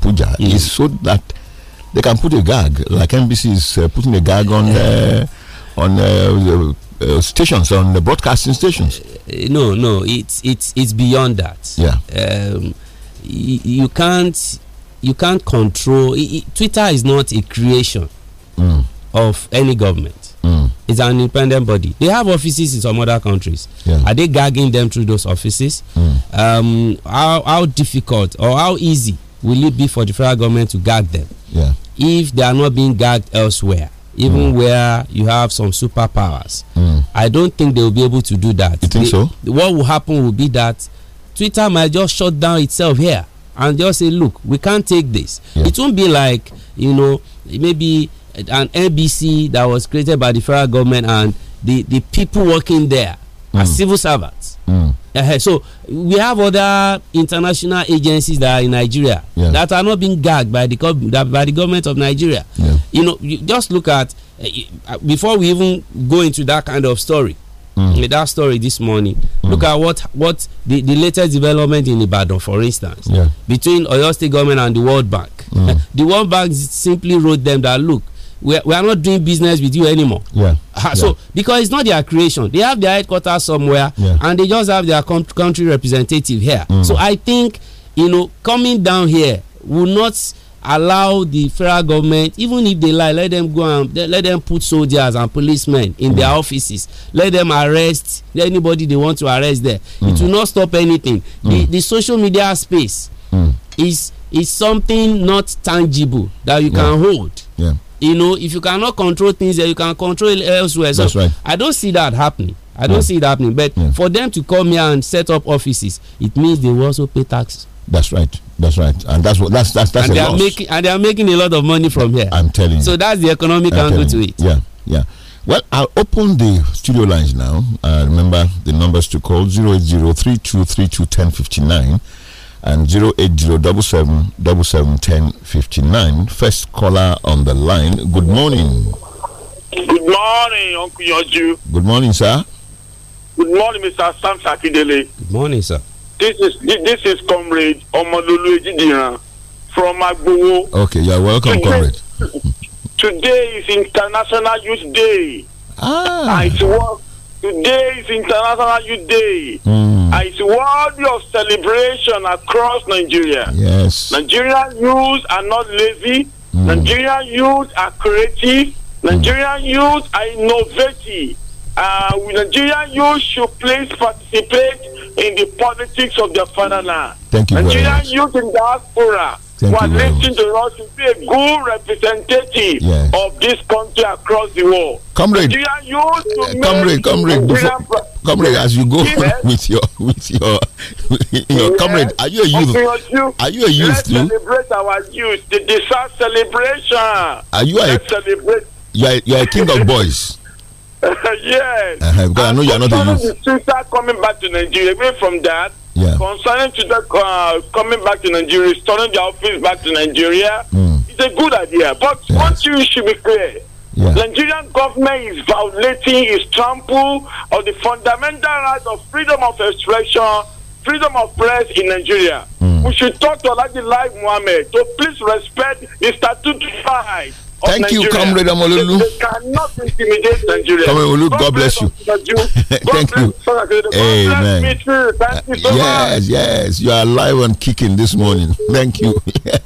Abuja mm. is so that they can put a gag, like NBC is uh, putting a gag on uh, on the, uh, uh, stations, on the broadcasting stations. Uh, no, no, it's it's it's beyond that. Yeah, um, you can't you can't control. it, Twitter is not a creation mm. of any government. Mm. It's an independent body. They have offices in some other countries. Yeah. Are they gagging them through those offices? Mm. Um, how, how difficult or how easy will it be for the federal government to gag them? Yeah. If they are not being gagged elsewhere, even mm. where you have some superpowers, mm. I don't think they will be able to do that. You think they, so? What will happen will be that Twitter might just shut down itself here and just say, look, we can't take this. Yeah. It won't be like, you know, maybe an NBC that was created by the federal government and the, the people working there mm. as civil servants. Mm. Uh, so we have other international agencies that are in Nigeria yeah. that are not being gagged by the by the government of Nigeria. Yeah. You know, you just look at eh, uh, before we even go into that kind of story. Mm. Eh, that story this morning. Mm. Look at what what the, the latest development in Ibadan, for instance, yeah. between Oyo State government and the World Bank. Mm. Eh, the World Bank simply wrote them that look, we, we are not doing business with you anymore. Yeah. so yeah. because it's not their creation, they have their headquarters somewhere, yeah. and they just have their country representative here. Mm. So I think you know coming down here will not allow the federal government even if they lie let them go and let them put soldiers and policemen in mm. their offices let them arrest anybody they want to arrest there mm. it will not stop anything the mm. the social media space mm. is is something not tangible that you yeah. can hold. Yeah you know if you cannot control things there you can control elsewhere so right. i don't see that happening i don't yeah. see it happening but yeah. for them to come here and set up offices it means they will also pay tax that's right that's right and that's what that's that's that's and they loss. are making and they are making a lot of money from here i'm telling you so that's the economic I'm angle to it yeah yeah well, I'll open the studio lines now. Uh, remember the numbers to call 08032321059 and zero eight zero double seven First caller on the line. Good morning. Good morning, Uncle Yoju. Good morning, sir. Good morning, Mr. Sam Sakidele. Good morning, sir. This is this is comrade Omololu Ejidiran from Agbowo. Okay, you're welcome, today, comrade. today is International Youth Day. Ah. I Today is International Youth Day. Mm. And it's worthy of celebration across Nigeria. Yes. Nigerian youth are not lazy. Mm. Nigerian youth are creative. Hmm. Nigerian mm. youth are innovative. Uh, Nigerian youth should please participate in the politics of their fatherland. Thank you. Nigerian youth in diaspora Thank are listening to us to be a good representative of this country across the world. Comrade, are uh, comrade, comrade, before, comrade, as you go with your with your, with your yes. comrade, are you a youth? Are you a youth? Let's too? celebrate our youth. The disaster celebration. Are you Let's a celebrate? You are, you are a king of boys. yes. Uh -huh, because and I know you are not a youth. coming back to Nigeria. Away from that yeah. Concerning to the uh, coming back to Nigeria, starting the office back to Nigeria, mm. it's a good idea. But yes. what you should be clear. Yeah. Nigerian government is violating, is trample on the fundamental rights of freedom of expression, freedom of press in Nigeria. Mm. We should talk to Alaji Live Mohammed to so please respect the statutory high. Thank you, Comrade Amolulu. They, cannot intimidate Nigeria. Comrade Amolulu, God bless you. Thank you. Amen. Thank you yes, yes. You are alive and kicking this morning. Thank you.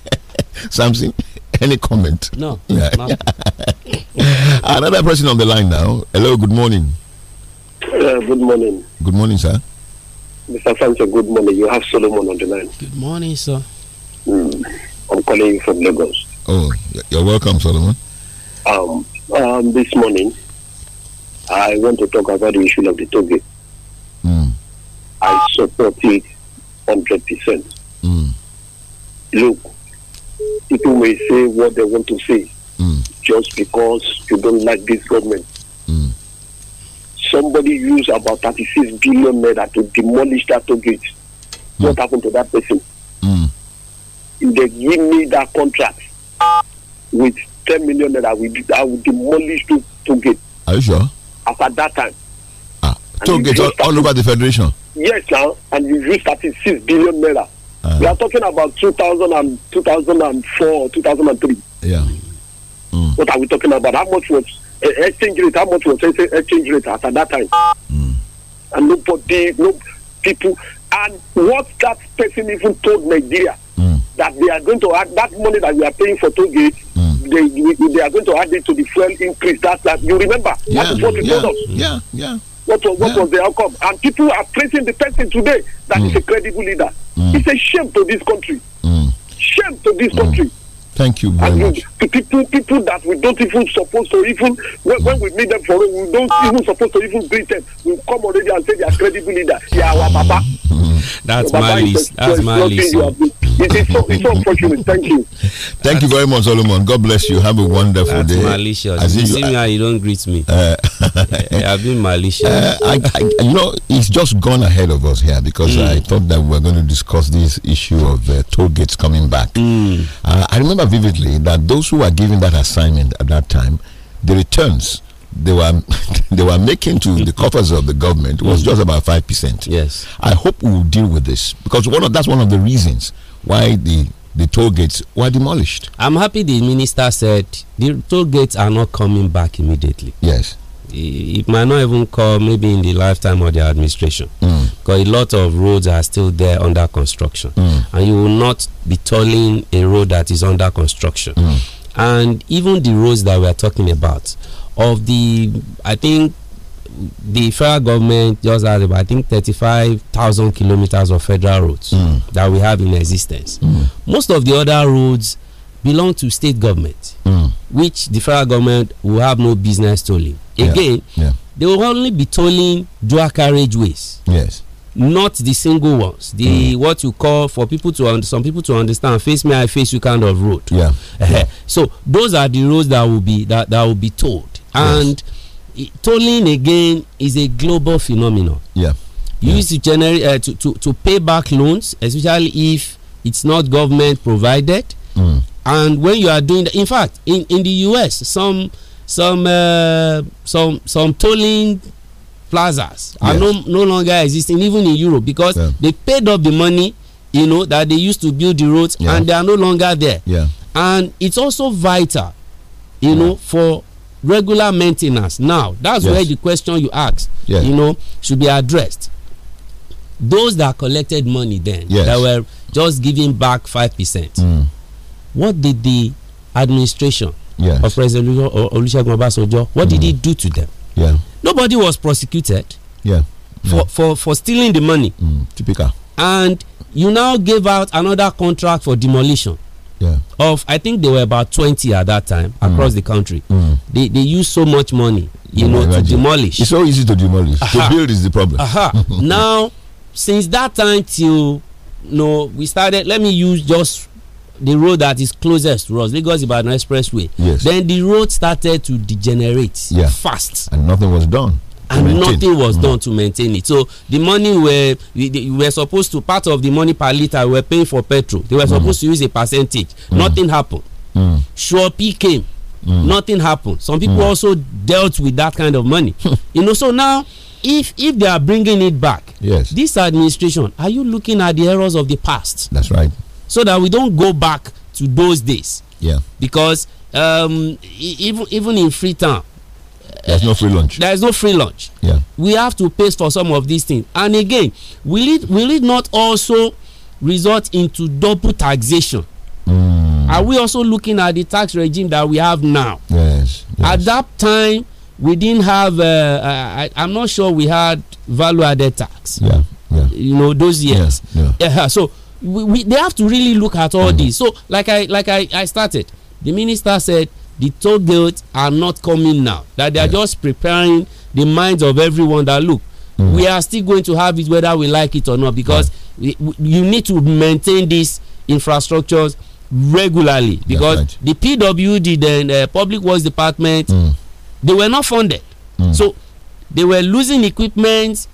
Something. Any comment? No. Yeah. Another person on the line now. Hello, good morning. Uh, good morning. Good morning, sir. Mr. Sancho, good morning. You have Solomon on the line. Good morning, sir. Mm. I'm calling you from Lagos. Oh, you're welcome, Solomon. Um, um, this morning, I want to talk about the issue of the toge. mm. I support it 100%. Mm. Look, people may say what they want to say mm. just because you don't like this government. Hmm. Somebody used about 36 billion naira to demolish that toll What hmm. happened to that person? If hmm. they give me that contract, with 10 million naira we did, I will demolish to get. Are you sure? After that time. Ah, two all, all, over the federation. Yes, now, and we used 36 billion naira. Ah. We are talking about 2000 and 2004, 2003. Yeah. Mm. What are we talking about? How much was uh, exchange rate? How much was exchange rate at that time? Mm. And nobody, no people, and what that person even told Nigeria mm. that they are going to add that money that we are paying for toll gate. Mm. They, they are going to add it to the fuel increase. That, that you remember? Yeah, that is what yeah, yeah, yeah. What was, what yeah. was the outcome? And people are praising the person today that mm. is a credible leader. Mm. It's a shame to this country. Mm. Shame to this mm. country. Thank you very much. To people, people that we don't even supposed to even when, when we meet them for we don't even supposed to even greet them. We come already and say they are credible leader. They are our papa. That's my list. That's my list. It's so, it's so Thank you. Thank you very much, Solomon. God bless you. Have a wonderful That's day. malicious. As you see me, you don't greet me. Uh, I've been malicious. Uh, I, I, you know, it's just gone ahead of us here because mm. I thought that we were going to discuss this issue of uh, toll gates coming back. Mm. Uh, I remember vividly that those who were given that assignment at that time, the returns they were they were making to the coffers of the government was mm. just about five percent. Yes, I hope we will deal with this because one of that's one of the reasons why the the toll gates were demolished. I'm happy the minister said the toll gates are not coming back immediately. Yes, it, might not even come maybe in the lifetime of the administration mm. because a lot of roads are still there under construction, mm. and you will not be tolling a road that is under construction. Mm. And even the roads that we are talking about of the i think the federal government just has about i think thirty-five thousand kilometers of federal roads mm. that we have in existence mm. most of the other roads belong to state government mm. which the federal government will have no business tolling again yeah. Yeah. they will only be tolling dual carriageways yes not the single ones the mm. what you call for people to some people to understand face me i face you kind of road yeah. yeah. so those are the roads that will be that, that will be told and tolling again is a global phenomenon. Yeah. You yeah. used to generate uh, to, to, to pay back loans, especially if it's not government provided. Mm. And when you are doing, in fact, in, in the US, some some uh, some some tolling plazas are no, no longer existing, even in Europe, because yeah. they paid up the money, you know, that they used to build the roads, yeah. and they are no longer there. Yeah. And it's also vital, you know, for regular maintenance now that's yes. where the question you asked yes. you know should be addressed those that collected money then yes. that were just giving back five percent mm. what did the administration yes. of president olusegun obasanjo what mm. did he hmm. do to them yeah. nobody was prosecuted yeah. For, yeah. for for stealing the money mm. typical and you now gave out another contract for demolition yeah. of I think they were about 20 at that time mm. across the country. Mm. They they used so much money, you know, to demolish. It's so easy to demolish. Aha. To build is the problem. Aha. now, since that time till you know, we started let me use just the road that is closest to us, Lagos Ibadan Expressway. Yes. Then the road started to degenerate yeah. fast. And nothing was done and maintain. nothing was mm done to maintain it so the money were we, we were supposed to part of the money per litre we were paying for petrol they were mm supposed to use a percentage mm-hmm. nothing happened sure p came nothing happened some people also dealt with that kind of money you know so now if if they are bringing it back yes this administration are you looking at the errors of the past that's right so that we don't go back to those days yeah because um, even even in free time. There's no free lunch. There is no free lunch. Yeah. We have to pay for some of these things. And again, will it will it not also result into double taxation? Mm. Are we also looking at the tax regime that we have now? Yes. yes. At that time, we didn't have. Uh, uh, I, am not sure we had value-added tax. Yeah. Yeah. You know those years. Yeah. yeah. Uh-huh. yeah so we, we, they have to really look at all mm. this. So like I like I, I started, the minister said the toll gates are not coming now that they are yeah. just preparing the minds of everyone that look mm. we are still going to have it whether we like it or not because yeah. we, you need to maintain these infrastructures regularly because right. the pwd then uh, public works department mm. they were not funded mm. so they were losing equipment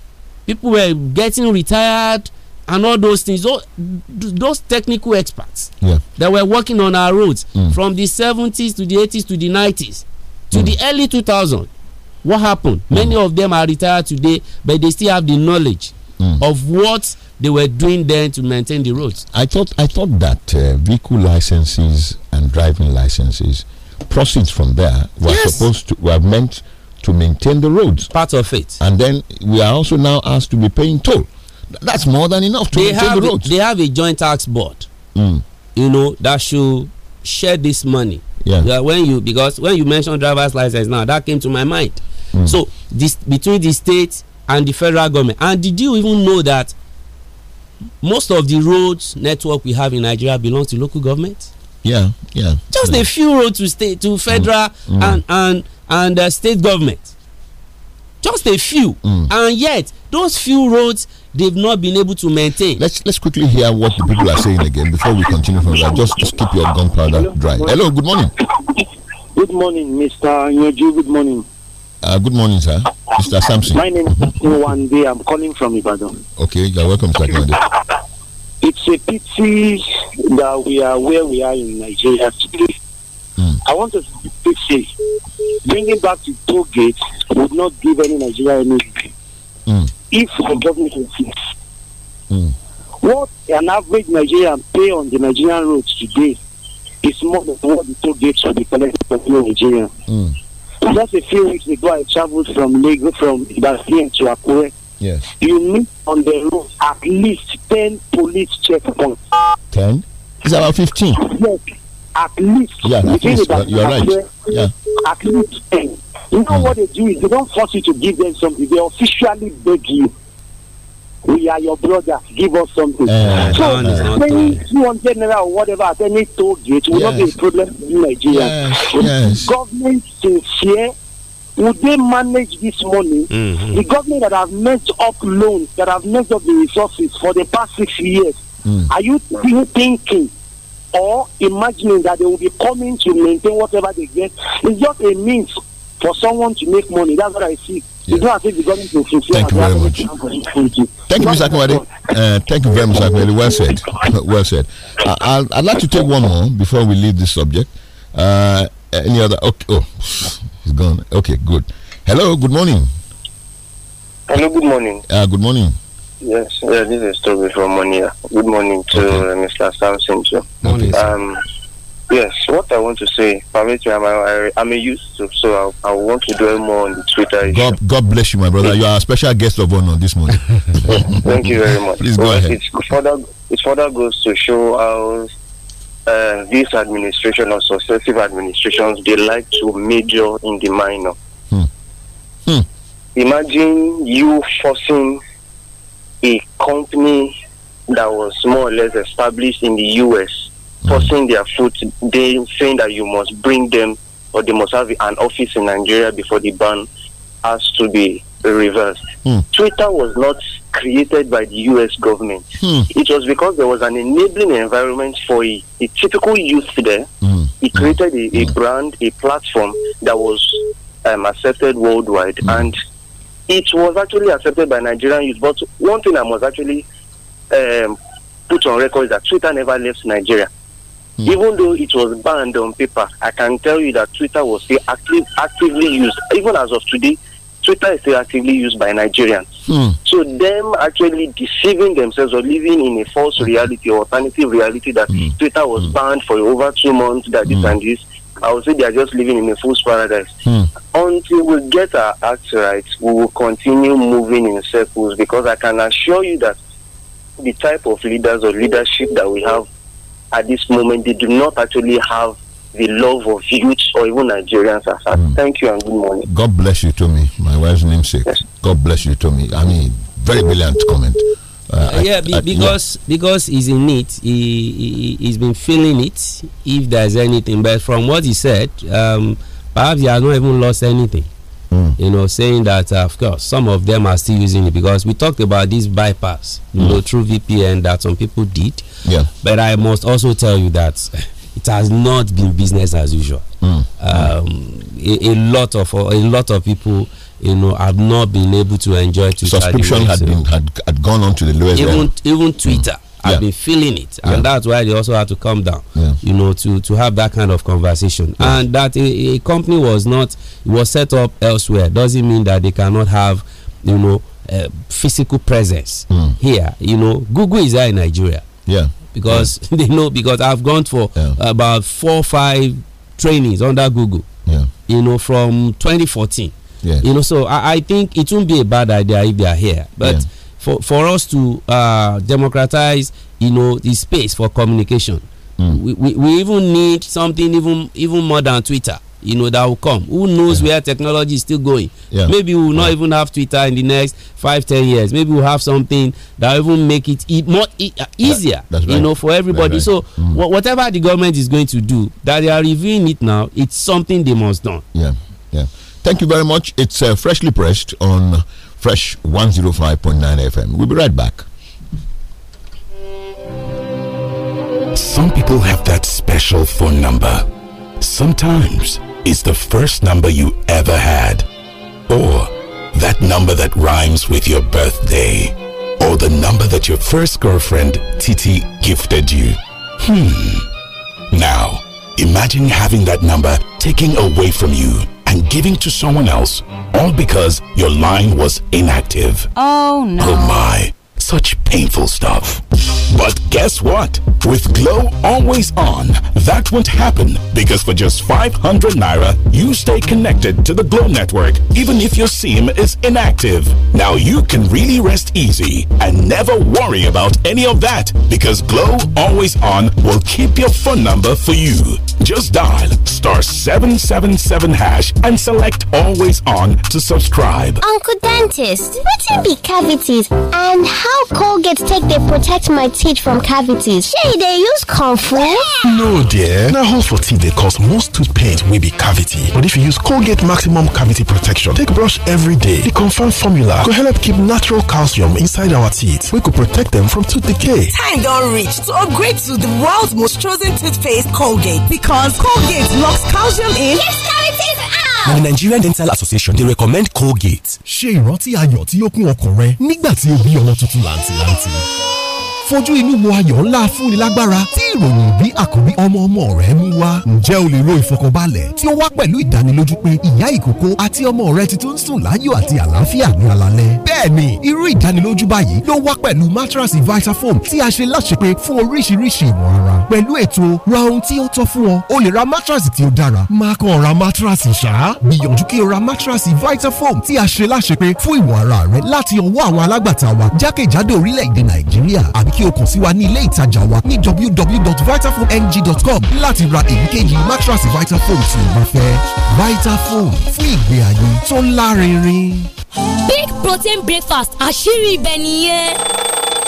people were getting retired and all those things those, those technical experts yeah. that were working on our roads mm. from the 70s to the 80s to the 90s to mm. the early 2000s what happened mm. many of them are retired today but they still have the knowledge mm. of what they were doing then to maintain the roads i thought i thought that uh, vehicle licenses and driving licenses proceeds from there were yes. supposed to were meant to maintain the roads part of it and then we are also now asked to be paying toll that's more than enough to they have, the roads. They have a joint tax board, mm. you know, that should share this money. Yeah. yeah. When you because when you mentioned driver's license now, that came to my mind. Mm. So this between the state and the federal government, and did you even know that most of the roads network we have in Nigeria belongs to local government? Yeah, yeah. Just yeah. a few roads to state to mm. federal mm. and and and uh, state government. Just a few, mm. and yet those few roads they've not been able to maintain. Let's let's quickly hear what the people are saying again before we continue from that. Just, just keep your gunpowder dry. Hello, good morning. Good morning, Mr. Nyeju. Good morning. Uh, good morning, sir. Mr. Sampson. My name is mm-hmm. Nwande. I'm calling from Ibadan. Okay, you're welcome, Mr. Nwande. It's a pity that we are where we are in Nigeria today. Mm. I want to say, bringing back the toll gate would not give any Nigeria anything if the government insists. Mm. What an average Nigerian pay on the Nigerian roads today is more than what the toll gates will be collected from Nigeria. Mm. Just a few weeks ago, I traveled from Lagos, from Ibadan to Akure. Yes. You meet on the road at least 10 police checkpoints. 10? It's about 15. Yes, at least. Yeah, at least. You're, you're right. Yeah. At least 10. You know what they do is they don't force you to give them something. They officially beg you. We are your brothers. Give us something. Uh, so spending two hundred general or whatever at any toll gate will yes. not be a problem in Nigeria. Yes. yes. Government sincere would they manage this money? Mm -hmm. The government that have messed up loans, that have messed up the resources for the past six years, mm. are you thinking or imagining that they will be coming to maintain whatever they get? It's just a means for someone to make money. That's what I see. Thank you very much. Thank you, Mr. Akwade. Uh, thank you very much, Akwade. Well said. well said. i I'd like to take one more before we leave this subject. Uh, any other? Okay. Oh, he's gone. Okay, good. Hello, good morning. Hello, good morning. Uh, good morning. Yes, yeah, uh, this is Toby from Monia. Good morning to okay. Uh, Mr. Samson. Morning. Um, Yes, what I want to say, permit me, I'm a, I'm a youth, so I, I want to dwell more on the Twitter God, issue. God bless you, my brother. You are a special guest of honor this morning. Thank you very much. Please go well, ahead. It further, it further goes to show how uh, this administration or successive administrations, they like to major in the minor. Hmm. Hmm. Imagine you forcing a company that was more or less established in the U.S forcing their foot, they saying that you must bring them or they must have an office in Nigeria before the ban has to be reversed. Mm. Twitter was not created by the US government. Mm. It was because there was an enabling environment for a, a typical youth there. Mm. It hmm. created a, a, hmm. brand, a platform that was um, accepted worldwide. Hmm. And it was actually accepted by Nigerian youth. But one thing I must actually um, put on record is that Twitter never left Nigeria. Mm. Even though it was banned on paper, I can tell you that Twitter was still active, actively used. Even as of today, Twitter is still actively used by Nigerians. Mm. So them actually deceiving themselves or living in a false hmm. reality or alternative reality that mm. Twitter was mm. banned for over two months, that mm. this hmm. and this. I would say they are just living in a false paradise. Hmm. Until we get our acts right, we will continue moving in circles because I can assure you that the type of leaders or leadership that we have at this moment, they do not actually have the love of youth or even Nigerians as Mm. Thank you and good morning. God bless you, Tommy. My wife's namesake. Yes. God bless you, Tommy. I mean, very brilliant comment. Uh, yeah, I, I, because yeah. because he's in it. He, he has been feeling it. If there's anything, but from what he said, um, perhaps he has not even lost anything. You know, saying that, uh, of course, some of them are still using it because we talked about this bypass, you know, mm. through VPN that some people did. Yeah. But I must also tell you that it has not been business as usual. Mm. mm. Um, a, a, lot of a lot of people, you know, have not been able to enjoy Twitter. Subscription had been had, had gone on to the lowest even even mm. Twitter. I've yeah. been feeling it, and that's why they also had to come down. Yeah. You know, to to have that kind of conversation, and that a, a, company was not was set up elsewhere doesn't mean that they cannot have, you know, uh, physical presence mm. here. You know, Google is there in Nigeria. Yeah, because they know because I've gone for about four five trainings under Google. Yeah, you know, from 2014. Yeah, you know, so I, I think it won't be a bad idea if they are here, but for for us to uh, democratize you know the space for communication mm. we, we, we even need something even even more than twitter you know that will come who knows yeah. where technology is still going yeah. maybe we will not yeah. even have twitter in the next five ten years maybe we'll have something that will even make it e more e uh, easier that, right. you know for everybody right. so mm. wh whatever the government is going to do that they are reviewing it now it's something they must do yeah yeah thank you very much it's uh, freshly pressed on Fresh 105.9 FM. We'll be right back. Some people have that special phone number. Sometimes it's the first number you ever had, or that number that rhymes with your birthday, or the number that your first girlfriend, Titi, gifted you. Hmm. Now, imagine having that number taken away from you and giving to someone else, all because your line was inactive. Oh no. Oh my, such painful stuff. But guess what? With Glow Always On, that won't happen because for just 500 Naira, you stay connected to the Glow network even if your SIM is inactive. Now you can really rest easy and never worry about any of that because Glow Always On will keep your phone number for you. Just dial star 777 hash and select Always On to subscribe. Uncle Dentist, what be cavities and how Colgate take they protect my teeth? teeth heat from cavities shey they use comfort? no dear Now, hole for teeth They cause most tooth pain will be cavity but if you use colgate maximum cavity protection take brush every day the confirmed formula go help keep natural calcium inside our teeth We could protect them from tooth decay time don't reach to upgrade to the world's most chosen toothpaste colgate because colgate locks calcium in yes cavities out na the nigerian dental association they recommend colgate. Shey, ayọ̀ tí ó kún ọkàn rẹ nígbà tí o kun Nigbati re nigba ti o bi lanti fojú inú wo ayọ̀ ńlá fúnni lágbára tí ìròyìn bí àkòrí ọmọ ọmọ rẹ mú wá ǹjẹ́ o lè ro ìfọkànbalẹ̀ tí ó wá pẹ̀lú ìdánilójú pé ìyá ìkókó àti ọmọ rẹ ti tó ń sùn láyọ̀ àti àlàáfíà ní alalẹ́. bẹ́ẹ̀ni irú ìdánilójú báyìí ló wá pẹ̀lú matrasi vitafoam tí a ṣe láṣepé fún oríṣiríṣi ìwọ̀n ara pẹ̀lú ètò ra ohun tí ó tọ́ fún ọ o lè ra matrasi tí ó dára má kàn ra matrasi ṣá gbìyànjú kí o ra matrasi vitafoam tí a ṣe láṣepé fún ìwọ̀n ara rẹ kí o kàn sí wa ní ilé ìtajà wa ní www.vitafoamng.com láti ra èyíkéyìí mattress Vitafoam tí o bá fẹ́ Vitafoam fún ìgbé ayé tó lárinrin. big protein breakfast àṣírí ibẹ̀ nìyẹn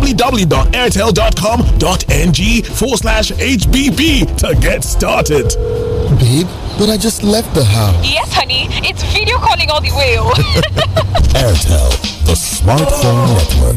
www.airtel.com.ng forward slash HBB to get started. Babe, but I just left the house. Yes, honey. It's video calling all the way. Oh. Airtel, the smartphone network.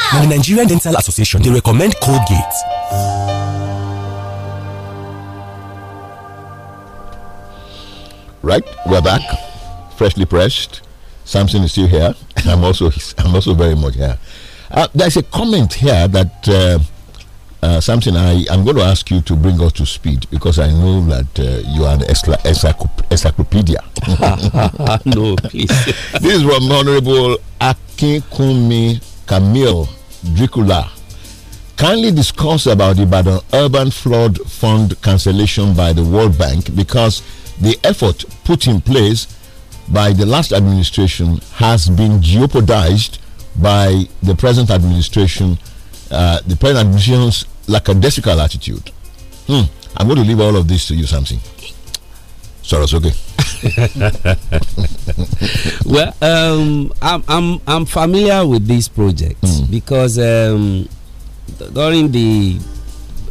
now, the Nigerian Dental Association, they recommend Colgate. Right, we're back, freshly pressed. Samson is still here. I'm also I'm also very much here. Uh, there's a comment here that uh, uh, Samson, I am going to ask you to bring us to speed because I know that uh, you are an encyclopedia. no, please. this is from Honorable Akinkunmi Camille Dricula, kindly discuss about the Baden Urban Flood Fund cancellation by the World Bank because the effort put in place by the last administration has been jeopardized by the present administration, uh, the present administration's lackadaisical attitude. Hmm. I'm going to leave all of this to you, Samson. Sorry, it's okay. well, um, I'm, I'm, I'm familiar with this project mm. because um, during the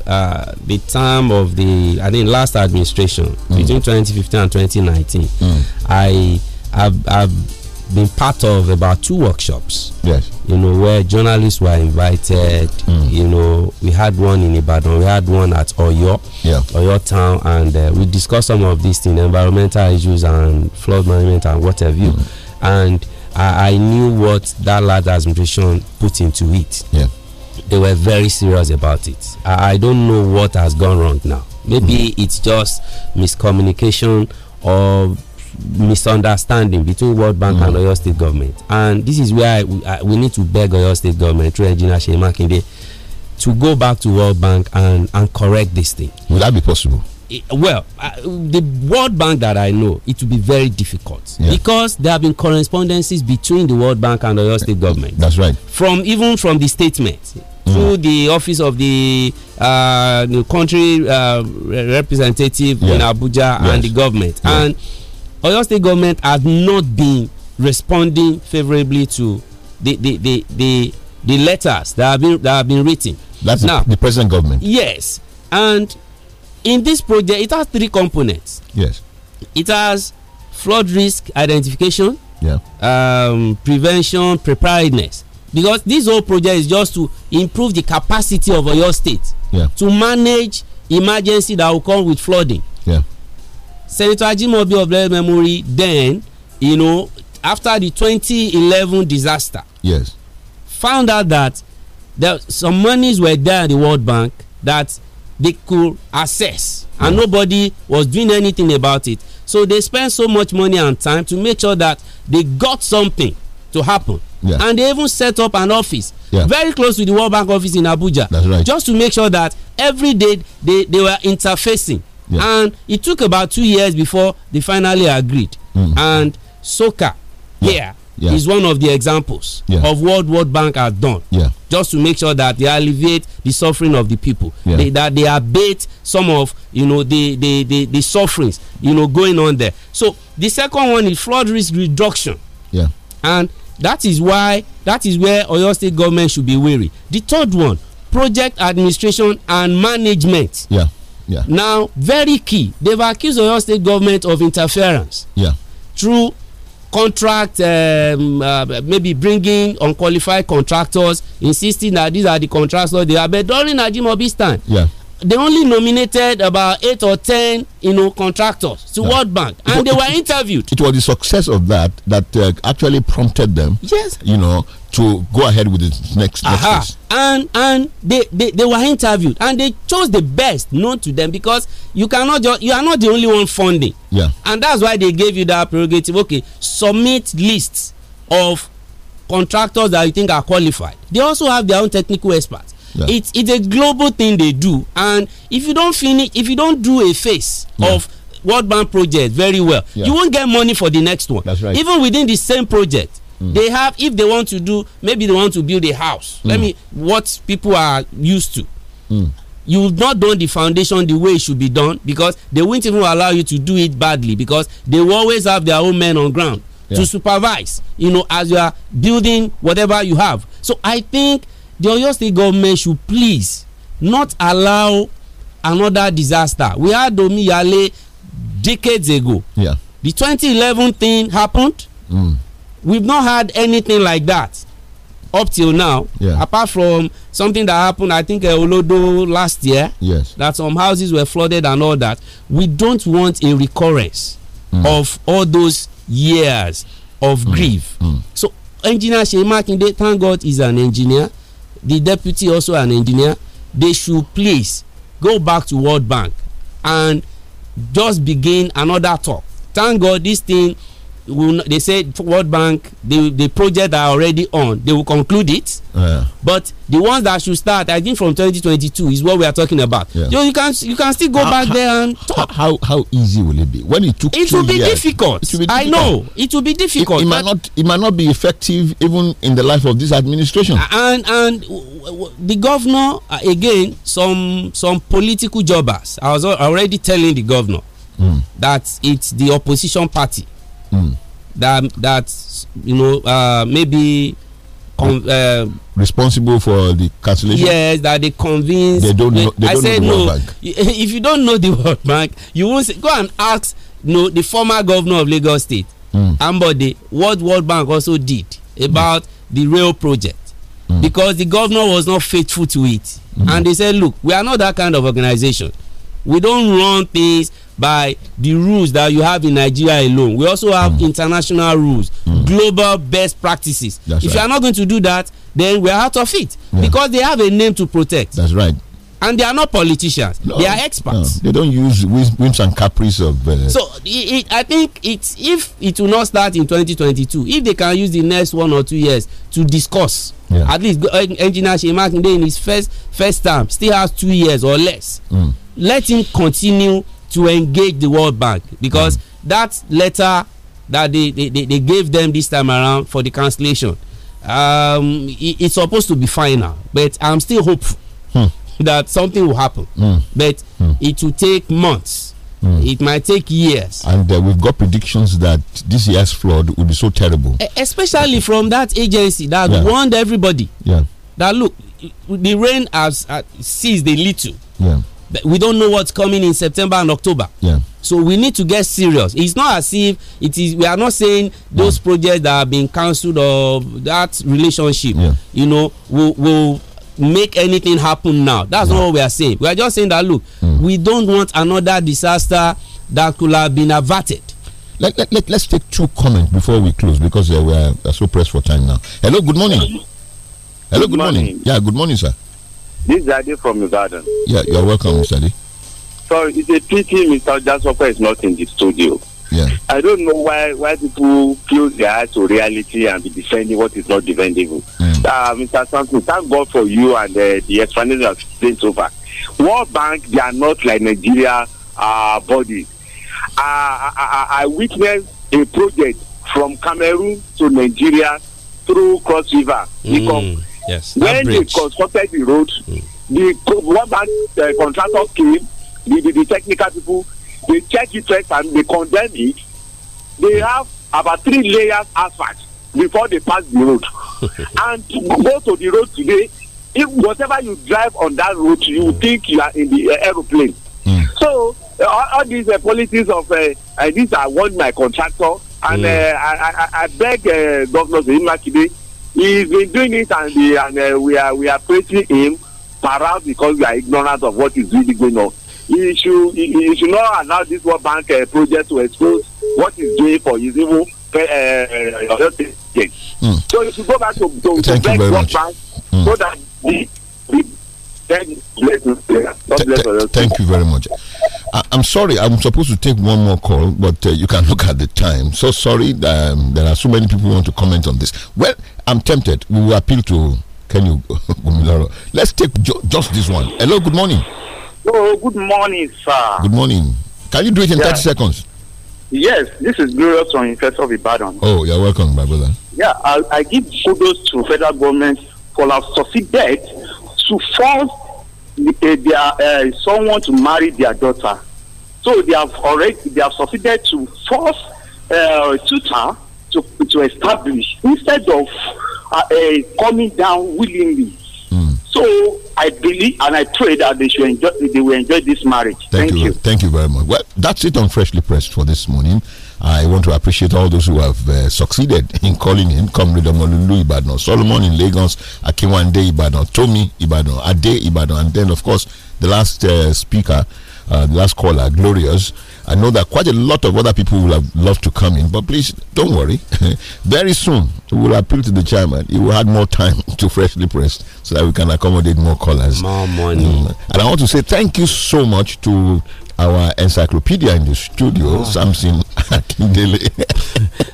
uh, the time of the I think last administration mm. between 2015 and 2019, mm. I I've, I've been part of about two workshops. Yes. You know, where journalists were invited. Mm. You know, we had one in Ibadan, we had one at Oyo, yeah. Oyo town, and uh, we discussed some of these things environmental issues and flood management and what have you. Mm. And I, I, knew what that large administration put into it. Yeah. They were very serious about it. I, I don't know what has gone wrong now. Maybe mm. it's just miscommunication or misunderstanding between world bank mm. and oyo state government and this is where I, I, we need to beg oyo state government through engineer shey makinde to go back to world bank and and correct this thing. will that be possible. It, well uh, the world bank that i know it will be very difficult. Yeah. because there have been correspondences between the world bank and oyo state government. that's right. from even from the statement. Mm. to the office of the, uh, the country uh, representative yeah. in abuja yes. and the government. Yeah. and Oyo State government has not been responding favorably to the the the the, the letters that have been that have been written. That's now, the present government. Yes, and in this project, it has three components. Yes, it has flood risk identification. Yeah. Um, prevention preparedness because this whole project is just to improve the capacity of your state yeah. to manage emergency that will come with flooding. Yeah. Senator Ajimobi of blessed memory then, you know, after the 2011 disaster, yes, found out that there some monies were there at the World Bank that they could access, yeah. and nobody was doing anything about it. So they spent so much money and time to make sure that they got something to happen. Yeah. And they even set up an office yeah. very close to the World Bank office in Abuja. Right. Just to make sure that every day they, they were interfacing and it took about two years before they finally agreed. Mm. And soccer yeah. here yeah. is one of the examples yeah. of what World Bank has done. Yeah. Just to make sure that they alleviate the suffering of the people. They, that they abate some of you know the, the, the, the sufferings you know going on there. So the second one is fraud risk reduction. Yeah. And that is why that is where Oyo State government should be wary. The third one, project administration and management. Yeah yeah. Now, very key, they've accused the State government of interference. Yeah. Through contract, um, uh, maybe bringing unqualified contractors, insisting that these are the contractors they are. But during Najimobi's time, yeah they only nominated about eight or ten you know contractors to world bank and was, they were interviewed it was the success of that that uh, actually prompted them yes you know to go ahead with the next, Aha. and and they, they they were interviewed and they chose the best known to them because you cannot just you are not the only one funding yeah and that's why they gave you that prerogative okay submit lists of contractors that you think are qualified they also have their own technical experts yeah. It's it's a global thing they do, and if you don't finish, if you don't do a phase yeah. of World Bank project very well, yeah. you won't get money for the next one. That's right. Even within the same project, mm. they have if they want to do, maybe they want to build a house. Mm. Let me what people are used to. Mm. You've not done the foundation the way it should be done because they won't even allow you to do it badly because they will always have their own men on ground to supervise. You know, as you are building whatever you have. So I think the Oyo State government should please not allow another disaster. We had Omiyale decades ago. Yeah. The 2011 thing happened. Mm. We've not had anything like that up till now. Yeah. Apart from something that happened, I think, uh, Olodo last year. Yes. That some houses were flooded and all that. We don't want a recurrence mm. of all those years of mm. grief. Mm. So, engineer Shema Kinde, thank God, is an engineer the deputy also an engineer they should please go back to world bank and just begin another talk thank god this thing will, they said World Bank the the project are already on they will conclude it. Yeah. But the ones that should start I think from 2022 is what we are talking about. Yeah. you can you can still go how, back how, there and talk. How how easy will it be when it took? It will be years, difficult. It will be difficult. I know it will be difficult. It, it might not it might not be effective even in the life of this administration. And and the governor uh, again some some political jobbers. I was already telling the governor. Mm. that it's the opposition party Mm. That that's you know uh, maybe. Con, uh, responsible for the cancellation. Yes, that they convince. They don't. Know, they I don't said know no. If you don't know the World Bank, you won't say, go and ask. You no, know, the former governor of Lagos State, mm. Ambode, what World Bank also did about mm. the rail project, mm. because the governor was not faithful to it, mm. and they said, look, we are not that kind of organization. We don't run things by the rules that you have in Nigeria alone. We also have mm. international rules, mm. global best practices. That's if right. you are not going to do that, then we are out of it yeah. because they have a name to protect. That's right. And they are not politicians; no, they are experts. No, they don't use whims and caprices of. Uh, so it, it, I think it's if it will not start in 2022, if they can use the next one or two years to discuss. Yeah. At least engineer Shemakinde in his first first time, still has two years or less. Mm. Let him continue to engage the World Bank because mm. that letter that they, they, they gave them this time around for the cancellation, um, it, it's supposed to be final, but I'm still hopeful hmm. that something will happen. Hmm. But hmm. it will take months. Hmm. It might take years. And uh, we've got predictions that this year's flood will be so terrible. Especially from that agency that yeah. warned everybody. Yeah. That look, the rain has uh, ceased a little. Yeah we don't know what's coming in September and October. Yeah. So we need to get serious. It's not as if it is. We are not saying those projects that are being cancelled or that relationship. Yeah. You know, will will make anything happen now. That's yeah. not what we are saying. We are just saying that look, mm. we don't want another disaster that could have been averted. Let, let, let, us take two comments before we close because uh, we are so pressed for time now. Hello, good morning. Hello, good, good morning. morning. Yeah, good morning, sir. This is Ade from Ibadan. Yeah, you're welcome, Mr. Ade. Sorry, it's a pity Mr. Jasper is not in the studio. Yeah. I don't know why why people close their eyes to reality and be defending what is not defendable. Mm. Uh, Mr. Samson, thank God for you and uh, the explanation of things over. World Bank, they are not like Nigeria uh, bodies. Uh, I, I, I witnessed a project from Cameroon to Nigeria through Cross River. Mm. Yes. When they constructed the road, mm. the one the uh, contractor came, the, the, the, technical people, they check it first and they condemn it. They have about three layers asphalt before they pass the road. and to go to the road today, if whatever you drive on that road, you mm. think you are in the uh, aeroplane. Mm. So uh, all, all, these uh, policies of uh, uh, this I want my contractor and mm. Uh, I, I, I, beg uh, Governor Zeynakide he's been doing it and, and uh, we are we are praising him perhaps because we are ignorant of what is really going on he should he, he should not allow this world bank uh, project to expose what he's doing for his evil uh, mm. so he should go back to to, to world bank mm. so that the, the Thank you very much. I, am sorry, I'm supposed to take one more call, but uh, you can look at the time. So sorry, um, there are so many people who want to comment on this. Well, I'm tempted. We will appeal to Can you Let's take ju just this one. Hello, good morning. Oh, good morning, sir. Good morning. Can you do it in yeah. 30 seconds? Yes, this is glorious from Infest of Ibadan. Oh, you're welcome, my brother. Yeah, I, I give kudos to federal government for our succeeded to force the, eh, their eh, someone to marry their daughter. So they have already they have succeeded to force uh, tutor to to establish instead of uh, uh, coming down willingly. Hmm. So I believe and I pray that they should enjoy they will enjoy this marriage. Thank, Thank you. you. Thank you very much. Well, that's it on freshly pressed for this morning. I want to appreciate all those who have uh, succeeded in calling him Comrade Omolulu Ibadan, Solomon in Lagos, Akinwande Ibadan, Tommy Ibadan, Ade Ibadan, and then, of course, the last uh, speaker, uh, the last caller, Glorious. I know that quite a lot of other people will have loved to come in, but please don't worry. Very soon, we will appeal to the chairman. He will have more time to freshly press so that we can accommodate more callers. More money. Mm. And I want to say thank you so much to our encyclopedia in the studio, oh, Samson Akindele.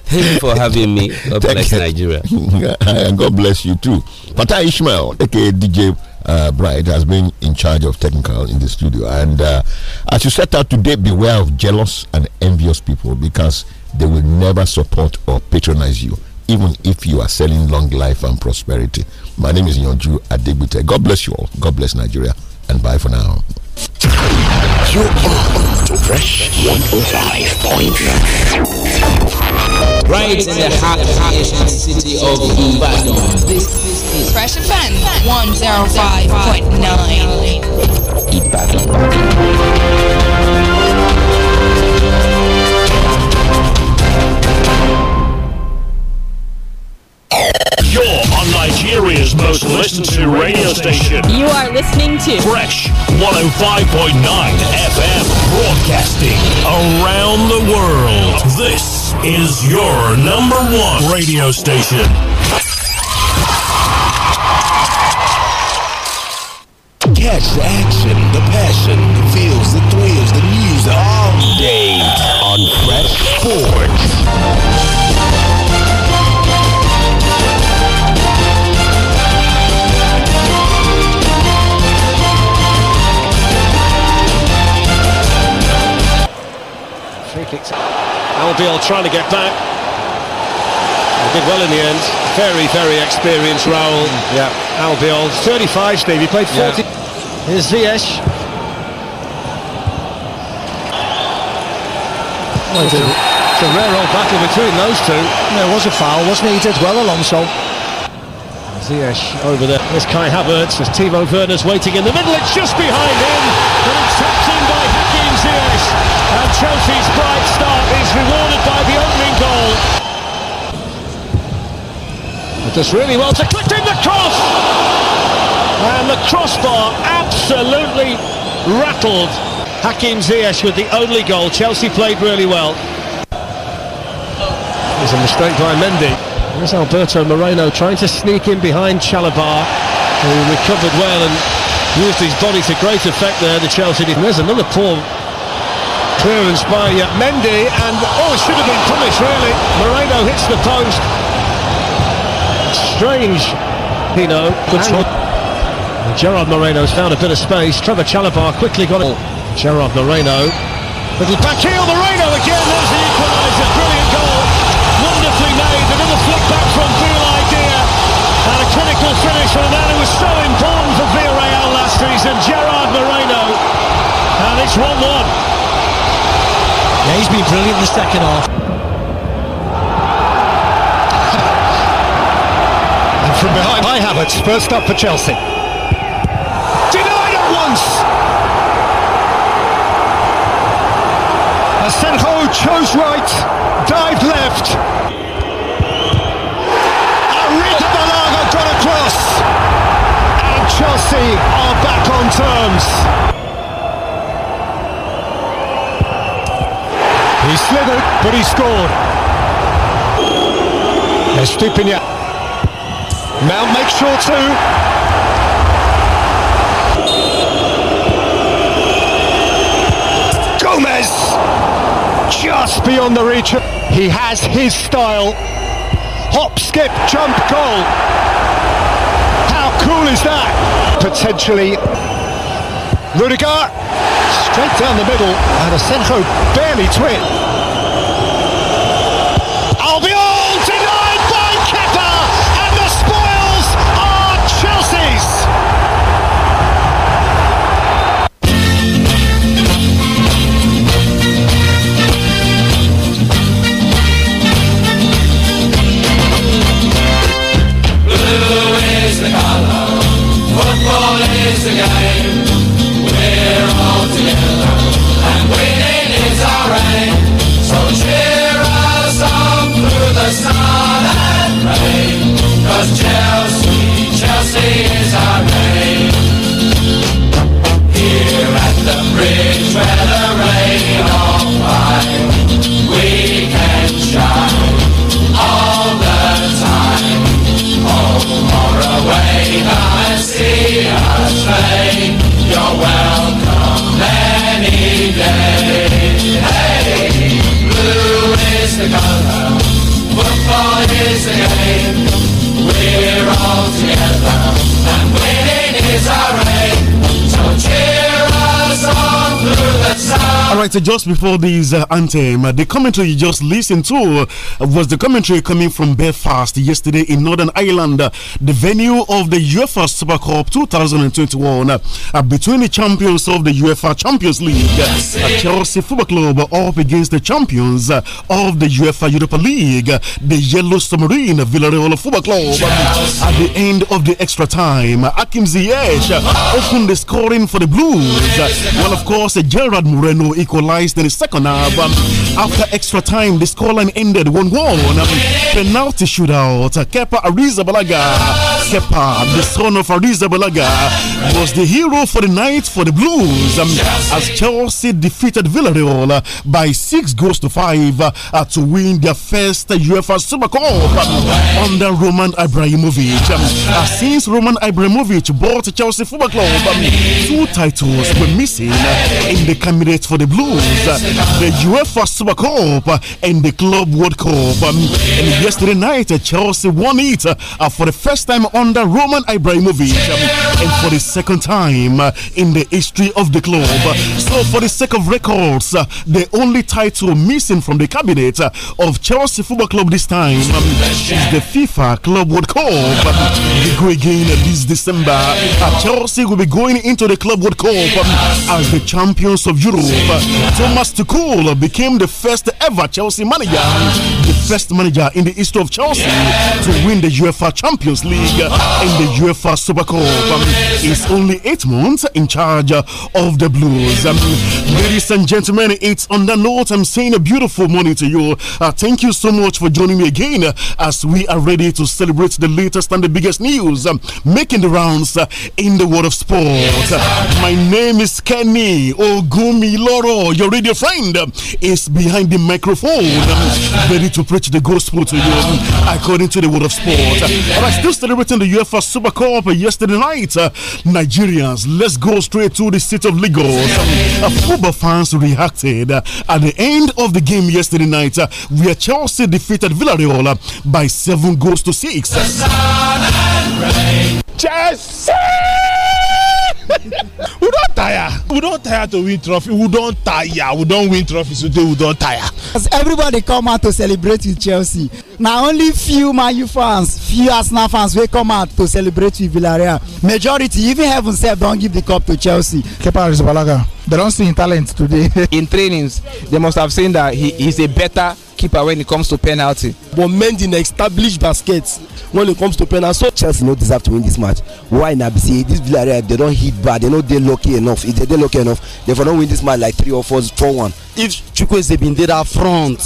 Thank you for having me. God bless Nigeria. and God bless you too. Pata Ishmael, aka DJ uh, Bright, has been in charge of technical in the studio. And uh, as you set out today, beware of jealous and envious people because they will never support or patronize you even if you are selling long life and prosperity. My name is Yonju Adegbite. God bless you all. God bless Nigeria. And bye for now. You're on to Fresh 105.9. Right in the heart, of the city of Ibadan. This is Fresh Offense 105.9. Ibadan. You're on Nigeria's most listened to radio station. You are listening to Fresh 105.9 FM broadcasting around the world. This is your number one radio station. Catch the action, the passion, the feels, the thrill Albiol trying to get back. He did well in the end. Very, very experienced Raul. Mm, yeah. Albiol, 35, Steve. He played 40. Yeah. Here's Ziyech. Well, it's, a, it's a rare old battle between those two. There was a foul, wasn't it? He did well, Alonso. Ziyech over there. There's Kai Havertz. There's Timo Werner's waiting in the middle. It's just behind him. And it's tapped in and Chelsea's bright start is rewarded by the opening goal. does really well to click in the cross! And the crossbar absolutely rattled Hakim Ziyech with the only goal. Chelsea played really well. There's a mistake by Mendy. There's Alberto Moreno trying to sneak in behind Chalabar, who recovered well and used his body to great effect there, the Chelsea. And there's another poor Clearance by uh, Mendy, and oh, it should have been punished, really. Moreno hits the post. Strange, Pino know. Good shot. Gerard Moreno's found a bit of space. Trevor Chalabar quickly got it. Gerard Moreno. back here Moreno again. There's the equaliser. Brilliant goal. Wonderfully made. Another flick back from Real Idea. And a clinical finish from a man who was so important for Villarreal last season, Gerard Moreno. And it's 1 1. Yeah, he's been brilliant in the second half. and from behind by Havertz, first up for Chelsea. Denied at once! Asenjo chose right, dived left. Arrieta Balaga got across. And Chelsea are back on terms. He slithered, but he scored. Estupinian. Mount makes sure too. Gomez! Just beyond the reach. He has his style. Hop, skip, jump, goal. How cool is that? Potentially. Rudiger Straight down the middle, and Asenjo barely twit. just before this uh, anthem, the commentary you just listened to was the commentary coming from Belfast yesterday in Northern Ireland, uh, the venue of the UEFA Super Cup 2021 uh, between the champions of the UEFA Champions League, Chelsea Football Club, up against the champions of the UEFA Europa League, the Yellow Submarine Villarreal Football Club. Chelsea. At the end of the extra time, Akim Ziyech opened the scoring for the Blues. Well, of course, Gerard Moreno equalized equalized in the second half. Um, after extra time, the scoreline ended 1 1. Um, penalty shootout. Kepa Arrizabalaga. Kepa, the son of Balaga, was the hero for the night for the Blues um, as Chelsea defeated Villarreal uh, by 6 goals to 5 uh, to win their first UEFA Super Cup um, under Roman Abramovich. Um, since Roman Abramovich bought Chelsea Football Club, um, two titles were missing uh, in the candidate for the Blues. The UEFA Super Cup and the Club World Cup. And yesterday night, uh, Chelsea won it uh, for the first time under Roman Ibrahimovic um, and for the second time uh, in the history of the club. So, for the sake of records, the only title missing from the cabinet of Chelsea Football Club this time um, is the FIFA Club World Cup. They go again this December. Chelsea will be going into the Club World Cup um, as the champions of Europe. Thomas Tuchel became the first ever Chelsea manager, the first manager in the history of Chelsea to win the UEFA Champions League and the UEFA Super Cup. He's only eight months in charge of the Blues. Ladies and gentlemen, it's on that note. I'm saying a beautiful morning to you. Uh, thank you so much for joining me again uh, as we are ready to celebrate the latest and the biggest news um, making the rounds uh, in the world of sport. my name is Kenny Ogumiloro your radio friend um, is behind the microphone, um, ready to preach the gospel to you um, according to the word of sport. All right, still celebrating the UEFA Super Cup yesterday night. Uh, Nigerians, let's go straight to the city of Lagos. Uh, football fans reacted uh, at the end of the game yesterday night, where Chelsea defeated Villarreal by seven goals to six. Chelsea! we don tire we don tire to win trophy we don tire we don win trophy so tey we don tire. as everybody come out to celebrate with chelsea na only few manu fans few arsenal fans wey come out to celebrate with villarreal majority even heaven sef don give the cup to chelsea. kepa arrizabalaga They don't see in talent today. in trainings, they must have seen that he is a better keeper when it comes to penalty. But Mendy established baskets when it comes to penalty. So Chelsea no deserve to win this match. Why na See this Villarreal they don't hit bad, they no dey lucky enough. If they are lucky enough, they for not win this match like three or one. If Chukwueze been there that front.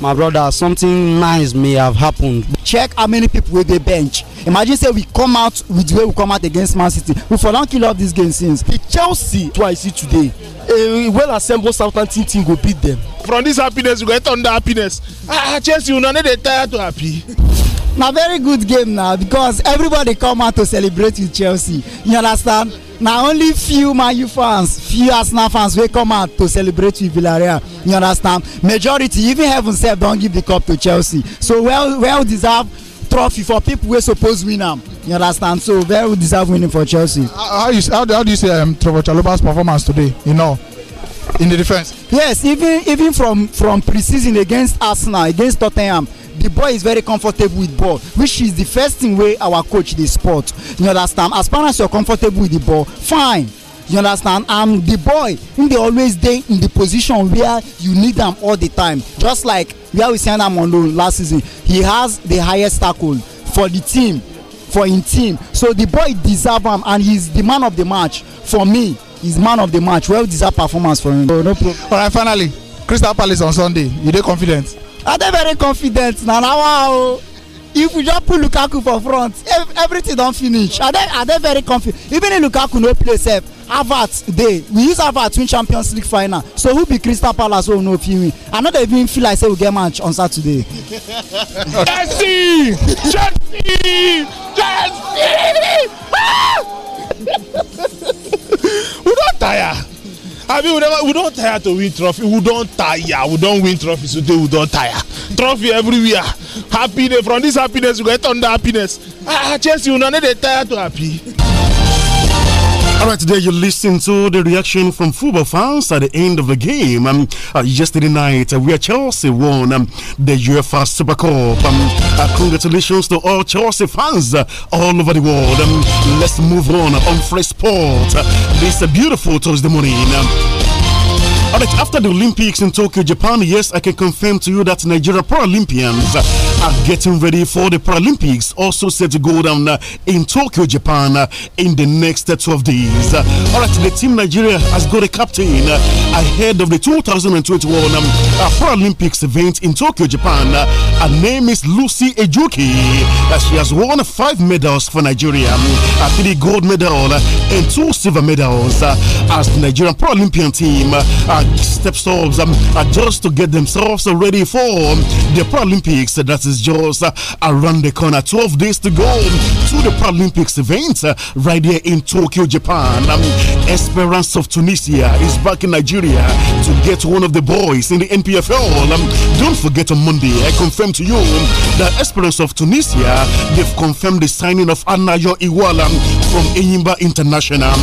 my brother something nice may have happened. check how many people wey dey bench imagine say we come out with the way we come out against man city we for don kill off this game since. the chelsea twice see today a well assembled southampton team go beat them. from this happiness we go enter under happiness ah chelsea una no dey tire to happy. na very good game now because everybody come out to celebrate with chelsea you understand na only few U fans few arsenal fans wey come out to celebrate with villarreal you understand majority even heaven sef don give the cup to chelsea so well well deserved trophy for people wey suppose win am you understand so very well deserved winning for chelsea. how you how, how do you see um, trevor Chalobah's performance today you know in the defence. yes even even from from pre-season against arsenal against tottenham the boy is very comfortable with ball which is the first thing wey our coach dey spot you understand as far as you are comfortable with the ball fine you understand and the boy him dey always dey in the position where you need am all the time just like where we send am on loan last season he has the highest tackle for the team for him team so the boy deserve am and he's the man of the match for me he's man of the match well deserved performance for him. no problem. all right finally crystal palace on sunday you dey confident. Are they very confident now? if we just put lukaku for front everything don finish Are they are they very confident even if lukaku no play sef harvard dey we use harvard win champions league final so who be crystal palace wey no fit i no dey even feel like say we get match on saturday. chelsea chelsea chelsea we don tire. I mean, we, never, we don't tire to win trophy. We don't tire. We don't win trophy today. We don't tire. Trophy everywhere. Happiness. From this happiness, we get under happiness. Ah, Chelsea, you know, they tired to happy. All right, today you listen to the reaction from football fans at the end of the game um, uh, yesterday night uh, where Chelsea won um, the UEFA Super Cup. Um, uh, congratulations to all Chelsea fans uh, all over the world. Um, let's move on on Fresh Sport. Uh, this a beautiful Tuesday morning. Um, all right, after the Olympics in Tokyo, Japan, yes, I can confirm to you that Nigeria Paralympians are getting ready for the Paralympics, also set to go down uh, in Tokyo, Japan, uh, in the next uh, 12 days. All right, the team Nigeria has got a captain ahead of the 2021 um, Paralympics event in Tokyo, Japan. Her name is Lucy Ejuki. She has won five medals for Nigeria, um, three gold medals and two silver medals as the Nigerian Paralympian team and step stops um, uh, just to get themselves ready for um, the Paralympics that is just uh, around the corner. 12 days to go um, to the Paralympics event uh, right here in Tokyo, Japan. Um, Esperance of Tunisia is back in Nigeria to get one of the boys in the NPFL. Um, don't forget on Monday, I confirm to you um, that Esperance of Tunisia, they've confirmed the signing of Anayo Iwala from Enyimba International.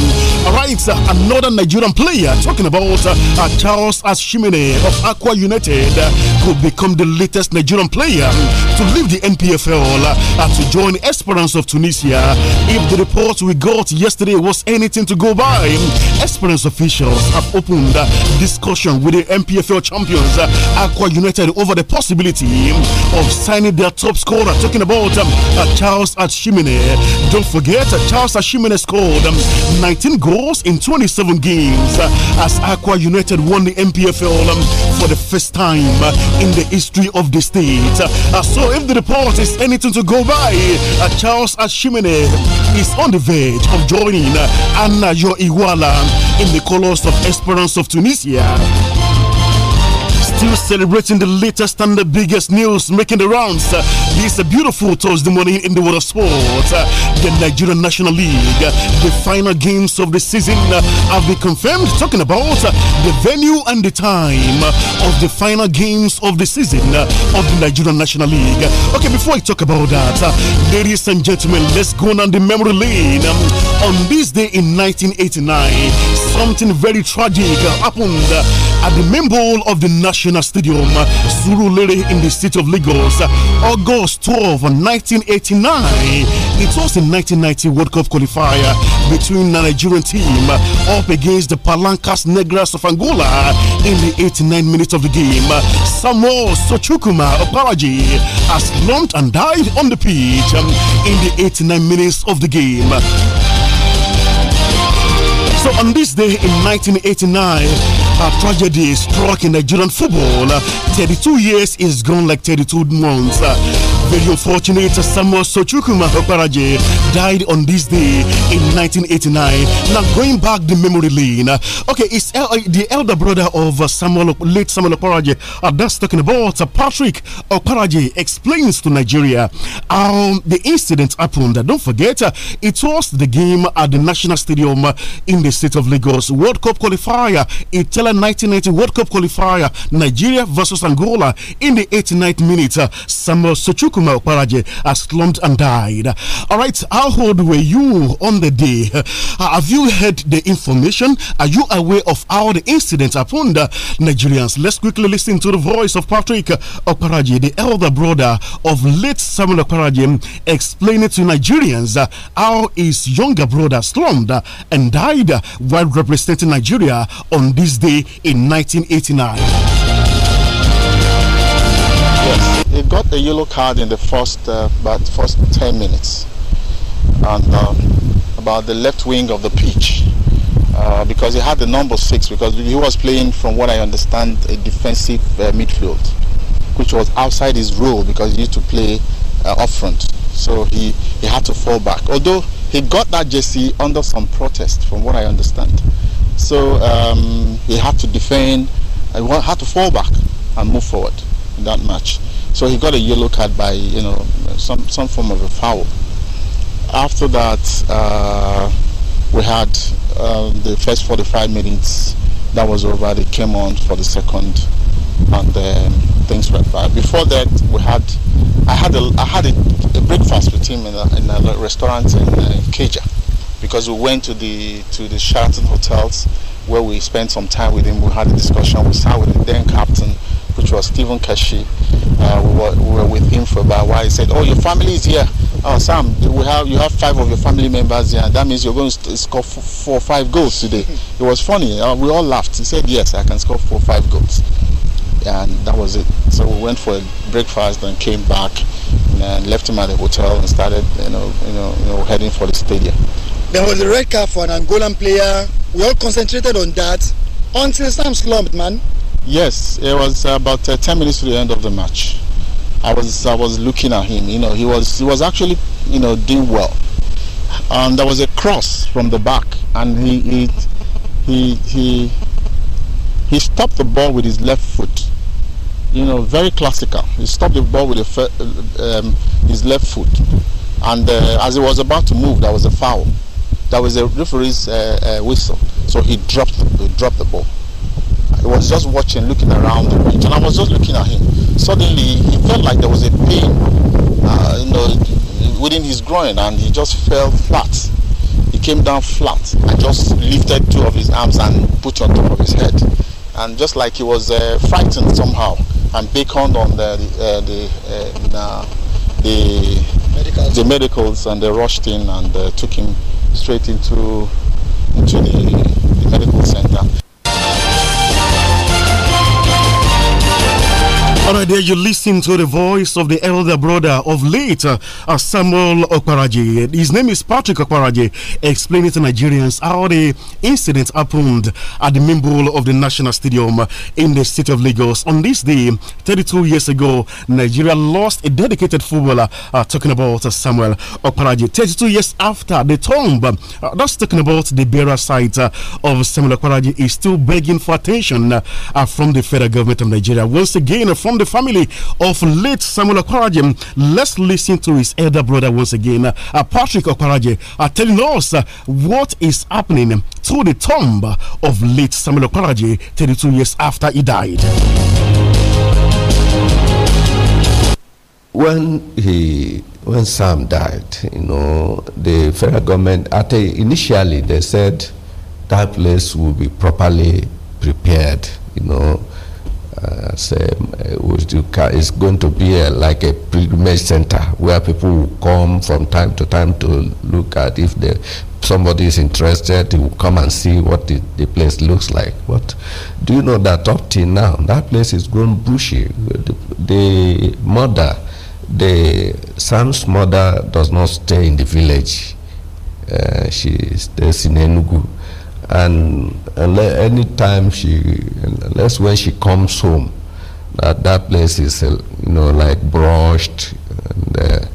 All right, uh, another Nigerian player talking about uh, Charles Ashimene of Aqua United could become the latest Nigerian player to leave the NPFL and uh, to join Esperance of Tunisia. If the report we got yesterday was anything to go by, Esperance officials have opened discussion with the NPFL champions uh, Aqua United over the possibility um, of signing their top scorer. Talking about um, uh, Charles Ashimene. Don't forget, Charles Ashimene scored um, 19 goals in 27 games as Aqua United United won the MPFL um, for the first time uh, in the history of the state. Uh, so, if the report is anything to go by, uh, Charles Ashimene is on the verge of joining uh, Anna Iwala um, in the colors of Esperance of Tunisia still celebrating the latest and the biggest news making the rounds. These this a beautiful Thursday morning in the world of sports. the Nigerian National League, the final games of the season have been confirmed. Talking about the venue and the time of the final games of the season of the Nigerian National League. Okay, before I talk about that, ladies and gentlemen, let's go on the memory lane. on this day in 1989, something very tragic happened at the main bowl of the National National Stadium, Surulere in the state of Lagos, August 12, 1989. It was the 1990 World Cup qualifier between the Nigerian team up against the Palancas Negras of Angola in the 89 minutes of the game. Samuel Sochukuma Oparaji has slumped and died on the pitch in the 89 minutes of the game. So on this day in 1989, a tragedy struck in Nigerian football. Uh, 32 years is gone like 32 months. Uh, very unfortunate Samuel Sochukuma Okparaje died on this day in 1989. Now going back the memory lane, okay, it's el uh, the elder brother of Samuel, late Samuel Okparaje. Uh, that's talking about uh, Patrick Okparaje explains to Nigeria how the incident happened. Don't forget, uh, it was the game at the National Stadium in the state of Lagos. World Cup qualifier, Italian 1980 World Cup qualifier, Nigeria versus Angola in the 89th minute. Samuel Sochukuma Nkrumah Okparaje has slumped and died. All right, how old were you on the day? Uh, have you heard the information? Are you aware of how the incident happened? Nigerians, let's quickly listen to the voice of Patrick Okparaje, the elder brother of late Samuel Okparaje, explaining to Nigerians uh, how his younger brother slumped uh, and died while representing Nigeria on this day in 1989. Yes he got a yellow card in the first uh, about first 10 minutes and um, about the left wing of the pitch uh, because he had the number six because he was playing from what I understand a defensive uh, midfield which was outside his role because he used to play uh, up front so he, he had to fall back although he got that JC under some protest from what I understand so um, he had to defend uh, he had to fall back and move forward in that match so he got a yellow card by you know some some form of a foul. After that, uh, we had uh, the first 45 minutes that was over. They came on for the second, and things went bad. Before that, we had I had a I had a, a breakfast with him in a, in a restaurant in uh, Keja because we went to the to the Sheraton hotels where we spent some time with him. We had a discussion. We sat with the then captain which was Stephen Kashi. Uh, we, were, we, were, with him for about a while. He said, "Oh, your family is here. Oh, Sam, we have you have five of your family members here. That means you're going to score four, or five goals today." It was funny. Uh, we all laughed. He said, "Yes, I can score four, or five goals." And that was it. So we went for breakfast and came back and left him at the hotel and started, you know, you know, you know heading for the stadium. There was a red card for an Angolan player. We all concentrated on that until Sam slumped, man. Yes, it was about uh, 10 minutes to the end of the match. I was I was looking at him. You know, he was he was actually you know doing well. And there was a cross from the back, and he he he he, he stopped the ball with his left foot. You know, very classical. He stopped the ball with um, his left foot, and uh, as he was about to move, there was a foul. There was a referee's uh, uh whistle, so he dropped the, he dropped the ball. I was just watching, looking around the bridge, and I was just looking at him. Suddenly, he felt like there was a pain, uh, you know, within his groin, and he just fell flat. He came down flat. I just lifted two of his arms and put on top of his head, and just like he was uh, frightened somehow, and beckoned on the uh, the uh, the medicals. the medicals, and they rushed in and uh, took him straight into into the, the medical center. All right, there you listen to the voice of the elder brother of late uh, uh Samuel Okwaraji. His name is Patrick Okwaraji, explaining to Nigerians how the incident happened at the memorial of the National Stadium in the city of Lagos. On this day, 32 years ago, Nigeria lost a dedicated footballer, uh, talking about uh, Samuel Okwaraji. 32 years after the tomb, uh, that's talking about the burial site uh, of Samuel Okwaraji, is still begging for attention uh, from the federal government of Nigeria. Once again, from the family of late Samuel Okarajem. Let's listen to his elder brother once again, uh, Patrick Okaraje, uh, telling us uh, what is happening to the tomb of late Samuel Okaraje 32 years after he died. When he when Sam died, you know, the federal government at a, initially they said that place will be properly prepared, you know, uh, say, it's going to be a, uh, like a pilgrimage center where people will come from time to time to look at if they, somebody is interested, they will come and see what the, the, place looks like. But do you know that up till now, that place is grown bushy. The, the mother, the Sam's mother does not stay in the village. Uh, she stays in Enugu and, and any time she, unless when she comes home, that, that place is, uh, you know, like brushed, and, uh,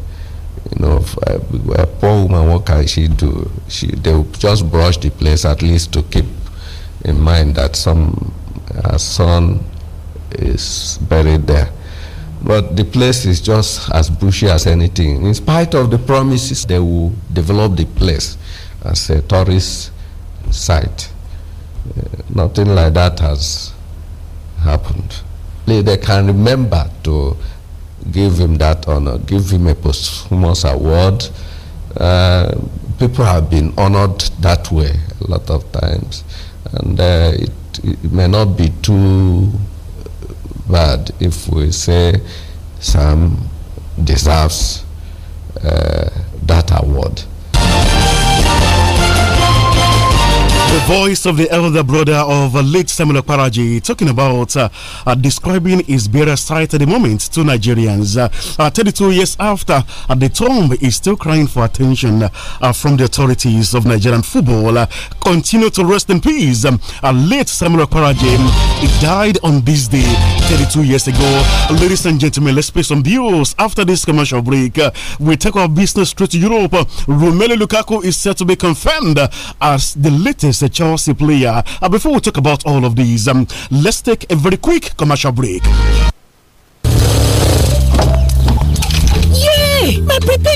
you know, a, uh, a poor woman, what can she do? She, they just brush the place at least to keep in mind that some son is buried there. But the place is just as bushy as anything. In spite of the promises, they will develop the place as a tourist site. Uh, nothing like that has happened. They can remember to give him that honor, give him a posthumous award. Uh, people have been honored that way a lot of times, and uh, it, it, may not be too bad if we say Sam deserves uh, that award. The voice of the elder brother of uh, late Samuel Paraji talking about uh, uh, describing his burial site at the moment to Nigerians. Uh, uh, 32 years after, uh, the tomb is still crying for attention from the authorities of Nigerian football. continue to rest in peace. Um, late Samuel Paraji, um, he died on this day 32 years ago. Ladies and gentlemen, let's pay some bills. After this commercial break, we take our business straight to Europe. Romelu Lukaku is set to be confirmed as the latest a Chelsea player. Uh, before we talk about all of these, um, let's take a very quick commercial break. Yay! My prepaid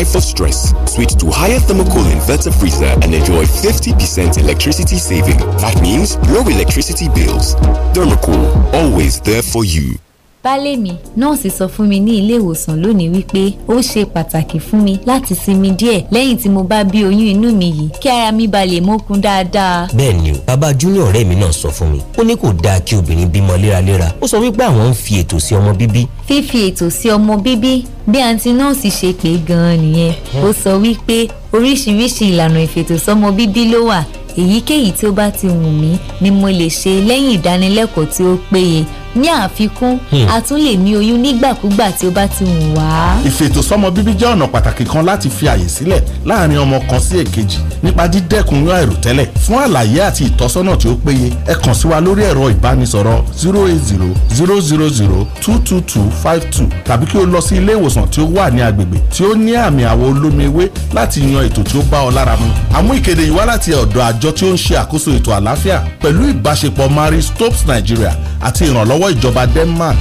Life of stress. Switch to higher thermocool inverter freezer and enjoy 50% electricity saving. That means low electricity bills. Thermocool, always there for you. baálé mi nọ́ọ̀sì sọ fún mi ní ilé ìwòsàn lónìí wípé ó ṣe pàtàkì fún mi láti sinmi díẹ̀ lẹ́yìn tí mo bá bí oyún inú mi yìí kí ara mi ba lè mókun dáadáa. bẹ́ẹ̀ni bàbá junior ọ̀rẹ́ mi náà sọ fún mi ó ní kò dáa kí obìnrin bímọ léraléra ó sọ wípé àwọn ń fi ètò sí ọmọ bíbí fífi ètò sí ọmọ bíbí bí àǹtí nọ́ọ̀sì ṣe pé gan-an nìyẹn ó sọ wípé oríṣiríṣi ìlànà ìfètòsọ́mọ bíbí ló wà èyíkéyìí tí ó bá ti wù mí ni mo lè ṣe lẹ́yìn ìdánilẹ́kọ̀ọ́ tí ó péye ní àfikún hmm. a tún lè ní oyún nígbàkúgbà tí ó bá ti wù wá. ìfètòsọ́mọ bíbí jẹ́ ọ̀nà pàtàkì kan láti fi àyè sílẹ̀ láàrin ọmọ kan sí èkejì nípa dídẹ́kun yọ àìròtẹ́lẹ̀ fún àlàyé àti ìtọ́sọ́nà tí ó péye ẹ kàn sí wa lórí ẹ̀rọ ìbánisọ̀rọ̀ zero eight zero zero zero zero two two two five two tàbí kí o lọ sí ilé ìwòsàn tí ó wà ní agbègbè tí ó ní àmì àwọ̀ olómi ewé láti yan ètò tí ó bá ọ lára mu. àmú ìkéde yìí wá láti ọ̀dọ̀ àjọ tí ó ń ṣe àkóso ètò àlàáfíà pẹ̀lú ìbáṣepọ̀ Marie Stopes Nigeria àti ìrànlọ́wọ́ ìjọba Denmark.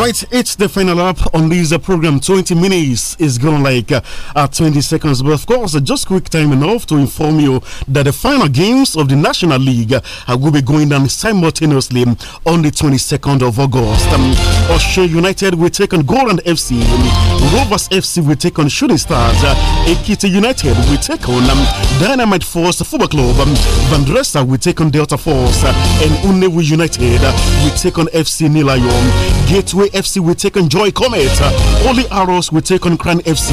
Right, it's the final up on this uh, program. 20 minutes is gone like uh, uh, 20 seconds. But of course, uh, just quick time enough to inform you that the final games of the National League uh, will be going down simultaneously on the 22nd of August. Um, Osho United will take on Golden FC. Um, Rovers FC will take on Shooting Stars. Uh, Ekiti United will take on um, Dynamite Force Football Club. Um, Vandresa will take on Delta Force. and Unewu United will take on FC Nilayom. Gateway FC will take on Joy Comet. Only Arrows will take on Cran FC.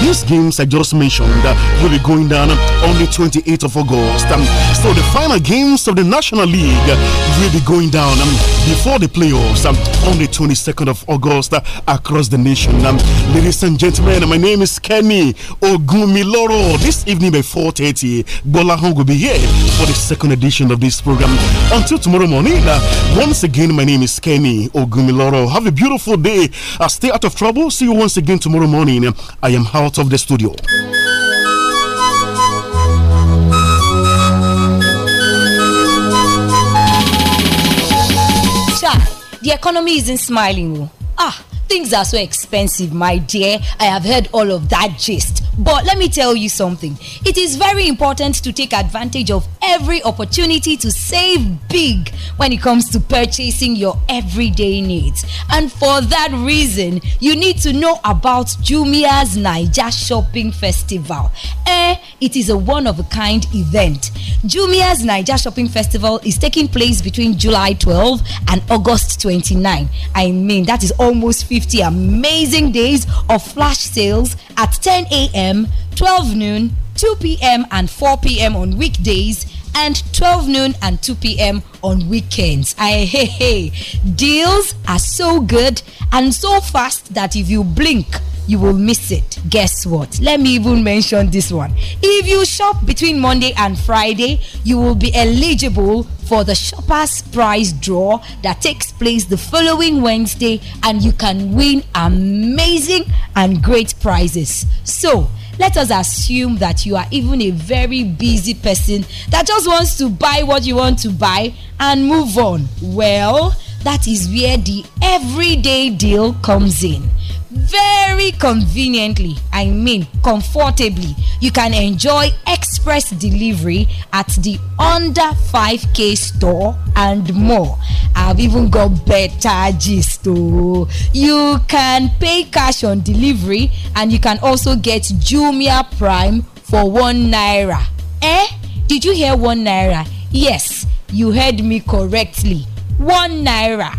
These games I just mentioned will be going down on the 28th of August. So the final games of the National League will be going down before the playoffs on the 22nd of August across the nation. Ladies and gentlemen, my name is Kenny Ogumiloro. This evening by 4.30, Bolahong will be here for the second edition of this program. Until tomorrow morning, once again, my name is Kenny Ogumiloro. Have a beautiful day. Uh, stay out of trouble. See you once again tomorrow morning. I am out of the studio. the economy isn't smiling. Oh. Ah, things are so expensive, my dear. I have heard all of that gist. But let me tell you something. It is very important to take advantage of every opportunity to save big when it comes to purchasing your everyday needs. And for that reason, you need to know about Jumia's Niger Shopping Festival. Eh, it is a one of a kind event. Jumia's Niger Shopping Festival is taking place between July 12 and August 29. I mean, that is almost 50 amazing days of flash sales at 10 a.m. 12 noon, 2 p.m., and 4 p.m. on weekdays, and 12 noon and 2 p.m. on weekends. I, hey, hey, deals are so good and so fast that if you blink, you will miss it. Guess what? Let me even mention this one. If you shop between Monday and Friday, you will be eligible for the shoppers prize draw that takes place the following Wednesday and you can win amazing and great prizes. So, let us assume that you are even a very busy person that just wants to buy what you want to buy and move on. Well, that is where the everyday deal comes in very conveniently, I mean comfortably, you can enjoy express delivery at the under 5k store and more. I've even got better gist oh. You can pay cash on delivery and you can also get Jumia Prime for 1 naira. Eh? Did you hear 1 naira? Yes, you heard me correctly. 1 naira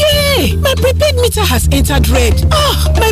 yay my prepaid meter has entered red ah oh, my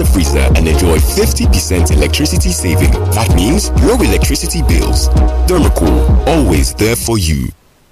water freezer and enjoy 50% electricity saving. That means low electricity bills. Dermacool, always there for you.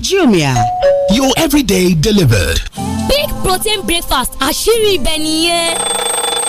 Jumia, your everyday delivered. Big protein breakfast, àṣírí ibẹ̀ nìyẹn.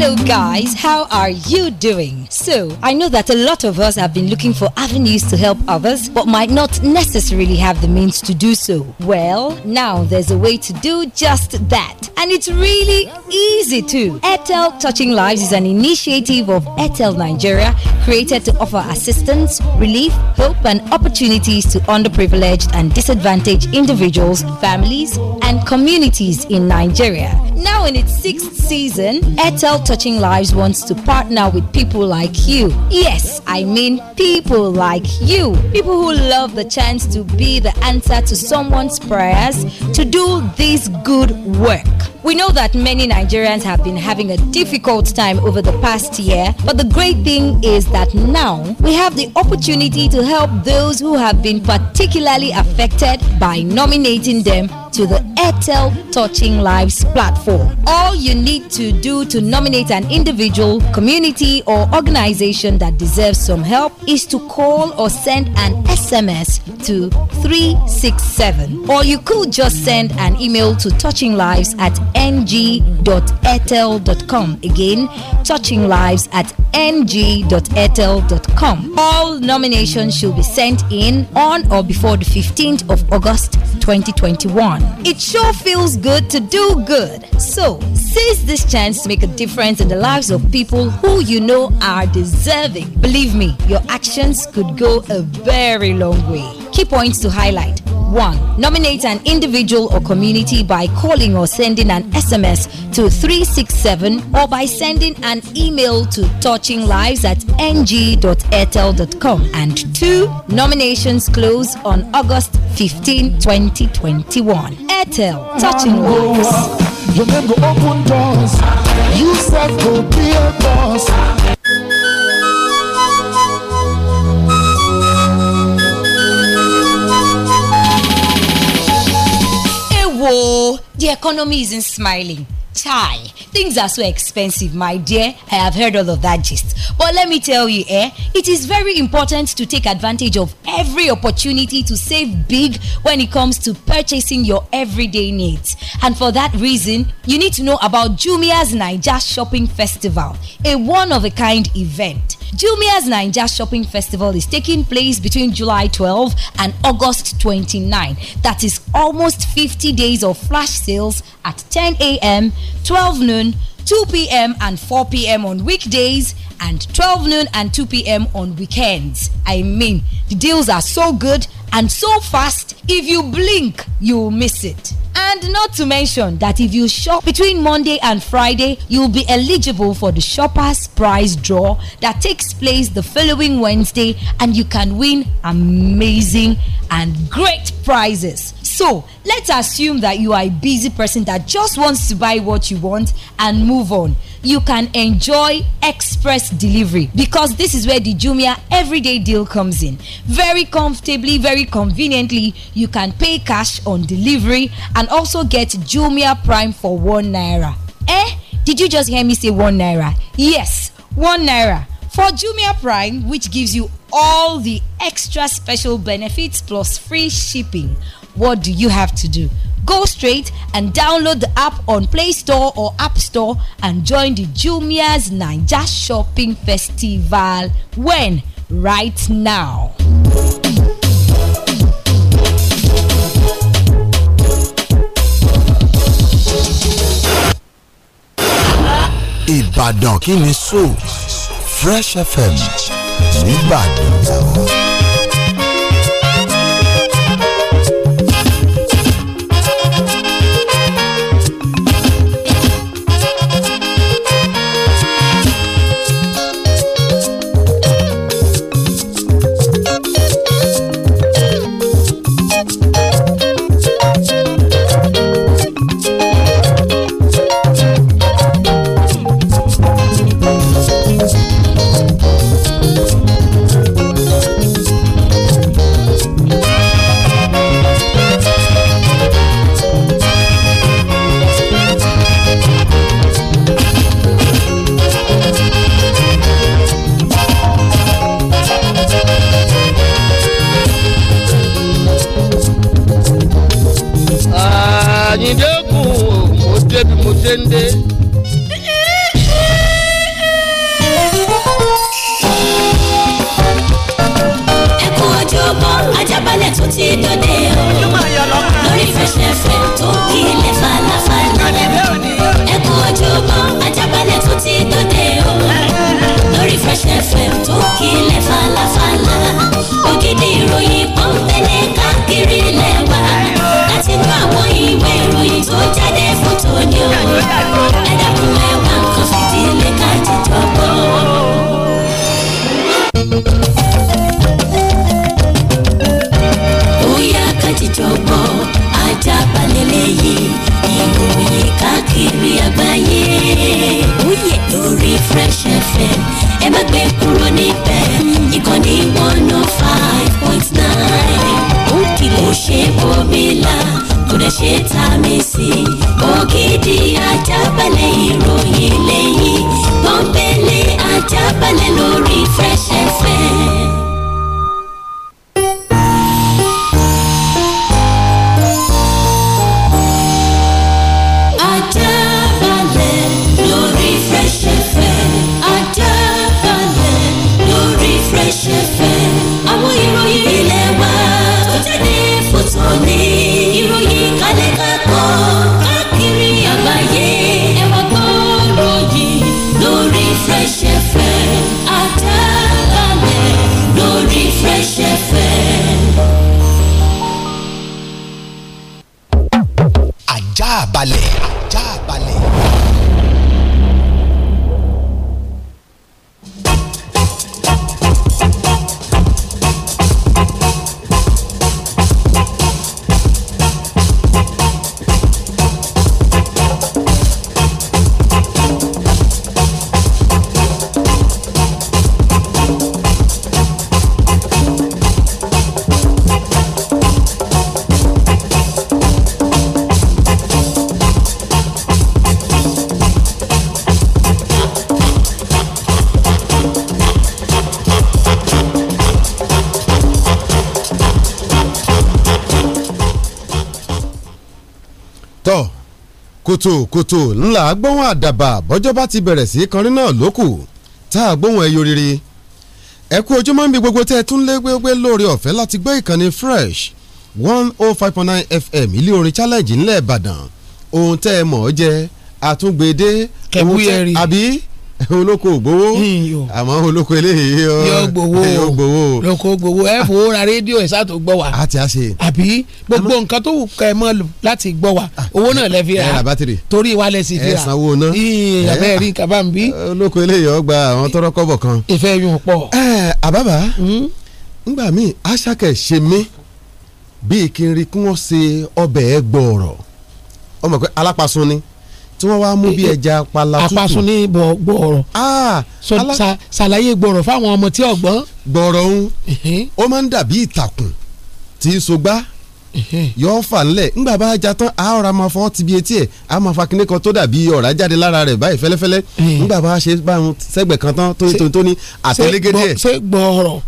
Hello, guys, how are you doing? So, I know that a lot of us have been looking for avenues to help others, but might not necessarily have the means to do so. Well, now there's a way to do just that, and it's really easy too. Etel Touching Lives is an initiative of Etel Nigeria created to offer assistance, relief, hope, and opportunities to underprivileged and disadvantaged individuals, families, and communities in Nigeria. Now, in its sixth season, Etel Touching Lives wants to partner with people like you. Yes, I mean people like you. People who love the chance to be the answer to someone's prayers to do this good work. We know that many Nigerians have been having a difficult time over the past year, but the great thing is that now we have the opportunity to help those who have been particularly affected by nominating them to the Airtel Touching Lives platform. All you need to do to nominate nominate an individual, community, or organization that deserves some help is to call or send an SMS to 367. Or you could just send an email to touchinglives at ng.etel.com. Again, touchinglives at ng.etel.com. All nominations should be sent in on or before the 15th of August 2021. It sure feels good to do good. So, seize this chance to make a difference difference in the lives of people who you know are deserving. Believe me, your actions could go a very long way. Key points to highlight. 1. Nominate an individual or community by calling or sending an SMS to 367 or by sending an email to touchinglives at ng.airtel.com. And 2. Nominations close on August 15, 2021. Airtel Touching Lives. You go be a boss. Hey, whoa, the economy isn't smiling. Chai, things are so expensive, my dear. I have heard all of that gist. But let me tell you, eh, it is very important to take advantage of every opportunity to save big when it comes to purchasing your everyday needs. And for that reason, you need to know about Jumia's Niger Shopping Festival, a one of a kind event. Jumia's Ninja Shopping Festival is taking place between July 12 and August 29. That is almost 50 days of flash sales at 10 a.m., 12 noon, 2 p.m., and 4 p.m. on weekdays and 12 noon and 2 p.m. on weekends. I mean, the deals are so good and so fast, if you blink, you'll miss it. And not to mention that if you shop between Monday and Friday, you'll be eligible for the Shoppers Prize Draw that takes place the following Wednesday, and you can win amazing and great prizes. So let's assume that you are a busy person that just wants to buy what you want and move on. You can enjoy express delivery because this is where the Jumia everyday deal comes in. Very comfortably, very conveniently, you can pay cash on delivery and also get Jumia Prime for one naira. Eh? Did you just hear me say one naira? Yes, one naira. For Jumia Prime, which gives you all the extra special benefits plus free shipping, what do you have to do? Go straight and download the app on Play Store or App Store and join the Jumia's Ninja Shopping Festival. When? Right now. Ìbàdàn kí ni so Fresh FM nìbàdàn làwọn. ilẹ̀ falafala ẹkún ojúbọ ajábalẹ̀ tó ti dòde o lórí Fresh FM tó kílẹ̀ falafala ògidì ìròyìn pọ́npẹ́lẹ́ káàkiri lẹ́wà láti inú àwọn ìwé ìròyìn tó jáde fún tòní o ẹ dákun Àjààbálẹ̀ lẹ́yìn ìròyìn káàkiri àgbáyé. Oye, lórí Fresh FM ẹ má gbé kúrò níbẹ̀ ìkànnì one oh five point nine. Ó kìlọ̀ ṣe bòmílà kò dẹ̀ ṣe tá a mi sí. Ògidì àjààbálẹ̀ ìròyìn lẹ́yìn pọ́npẹ́lẹ́ àjààbálẹ̀ lórí Fresh FM. kòtòkòtò ńlá gbóhùn àdàbà bọ́jọ́ bá ti bẹ̀rẹ̀ sí kọrin náà lókù tá a gbóhùn ẹyọ rere ẹ kú ojúmọ́ ń gbogbo tẹ́ ẹ tún lé gbégbé lórí ọ̀fẹ́ láti gbé ìkànnì fresh one oh five point nine fm ilé orin challenge ńlẹ̀ ìbàdàn ohun tẹ́ ẹ mọ̀ ọ́ jẹ́ àtúngbèdé kẹ̀wúyẹ̀rì àbí olóko ògbówó àmọ́ olóko eléyìí yóò gbowó yóò gbowó lóko gbowó ẹ fowó ra rédíò ẹ sáà tó gbọ́ wa àti àṣe àbí gbogbo nǹkan tó kẹ ẹ mọ́ lò láti gbọ́ wa ah, owó náà lẹ́ fi ra torí wa lẹ́ sì fi ra ẹ sanwó náà abẹ́ rí kaba ń bí. olóko eléyìí ọgbà àwọn tọrọ kọ́bọ̀ kan. ìfẹ́ yóò pọ̀. ẹ àbábà ngbà hmm? míì aṣákẹ́ ṣe mí bíi kí n rí kí wọ́n ṣe ọbẹ̀ ẹ gbọ̀ọ̀rọ̀ ọmọ pé alápasun ni tí wọ́n wá mú bí eh, eh, ẹja pala tútù. apasun ní gbọ̀ọ̀rọ̀. Ah, ṣàlàyé gbọ̀ọ̀rọ̀ fáwọn ọmọ tí ọ̀gbọ́n. gbọ̀ọ̀rọ̀ ń ó máa ń dàbí ìtàkùn tí ń sogbá yóò fà ńlẹ̀ ńgbà bá ajá tán a ọ̀rá máa fọ́ ti bi etí ẹ̀ a máa fa kinní kan tó dàbí ọ̀rá jáde lára rẹ̀ báyìí fẹ́lẹ́fẹ́lẹ́ ńgbà bá ṣe bá ń sẹ́gbẹ̀ kan tán tóní tóní tóní àtẹlẹ́gẹ́dẹ́. ṣé gbọ̀ọ̀rọ̀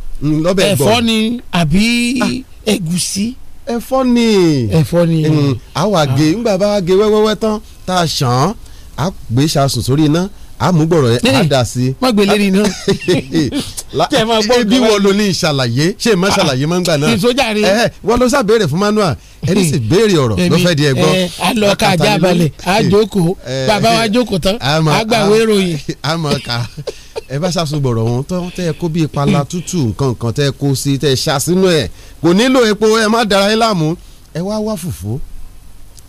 ẹ̀fọ́ ni àbí ah. ẹ̀gúsí ẹ̀fọ́ ni ẹ̀fọ́ ni àwa mm, gé ah. ńgbà bá gé wẹ́wẹ́wẹ́ tán tá a ṣàn án a gbé ṣàṣùn sórí iná àmúgbọ̀rọ̀ yẹn á dà sí. má gbé lérí iná. ebi wọ ló ní ìṣàlàyé ṣé ìmọ̀ ah, ṣàlàyé máa ń gbà náà. ìsọjà rẹ. ẹ wọ́n ló ṣàbẹ̀rẹ̀ fún manual ẹni sì béèrè ọ̀rọ̀ ló fẹ́ di ẹgbọ́n. ẹ eh, alọ ká ajá balẹ̀ a jókòó eh, bàbá wa eh, jókòó tán a gbà wéròyìn. a mọ̀ ká ẹ bá ṣàṣùgbọ̀rọ̀ wọn tó tẹ́ kó bíi pala tútù nǹkan nǹkan tẹ́ kó sí tẹ́ ẹ kò nílò epo ẹ má dara ẹ láàmú ẹ wá wá fùfú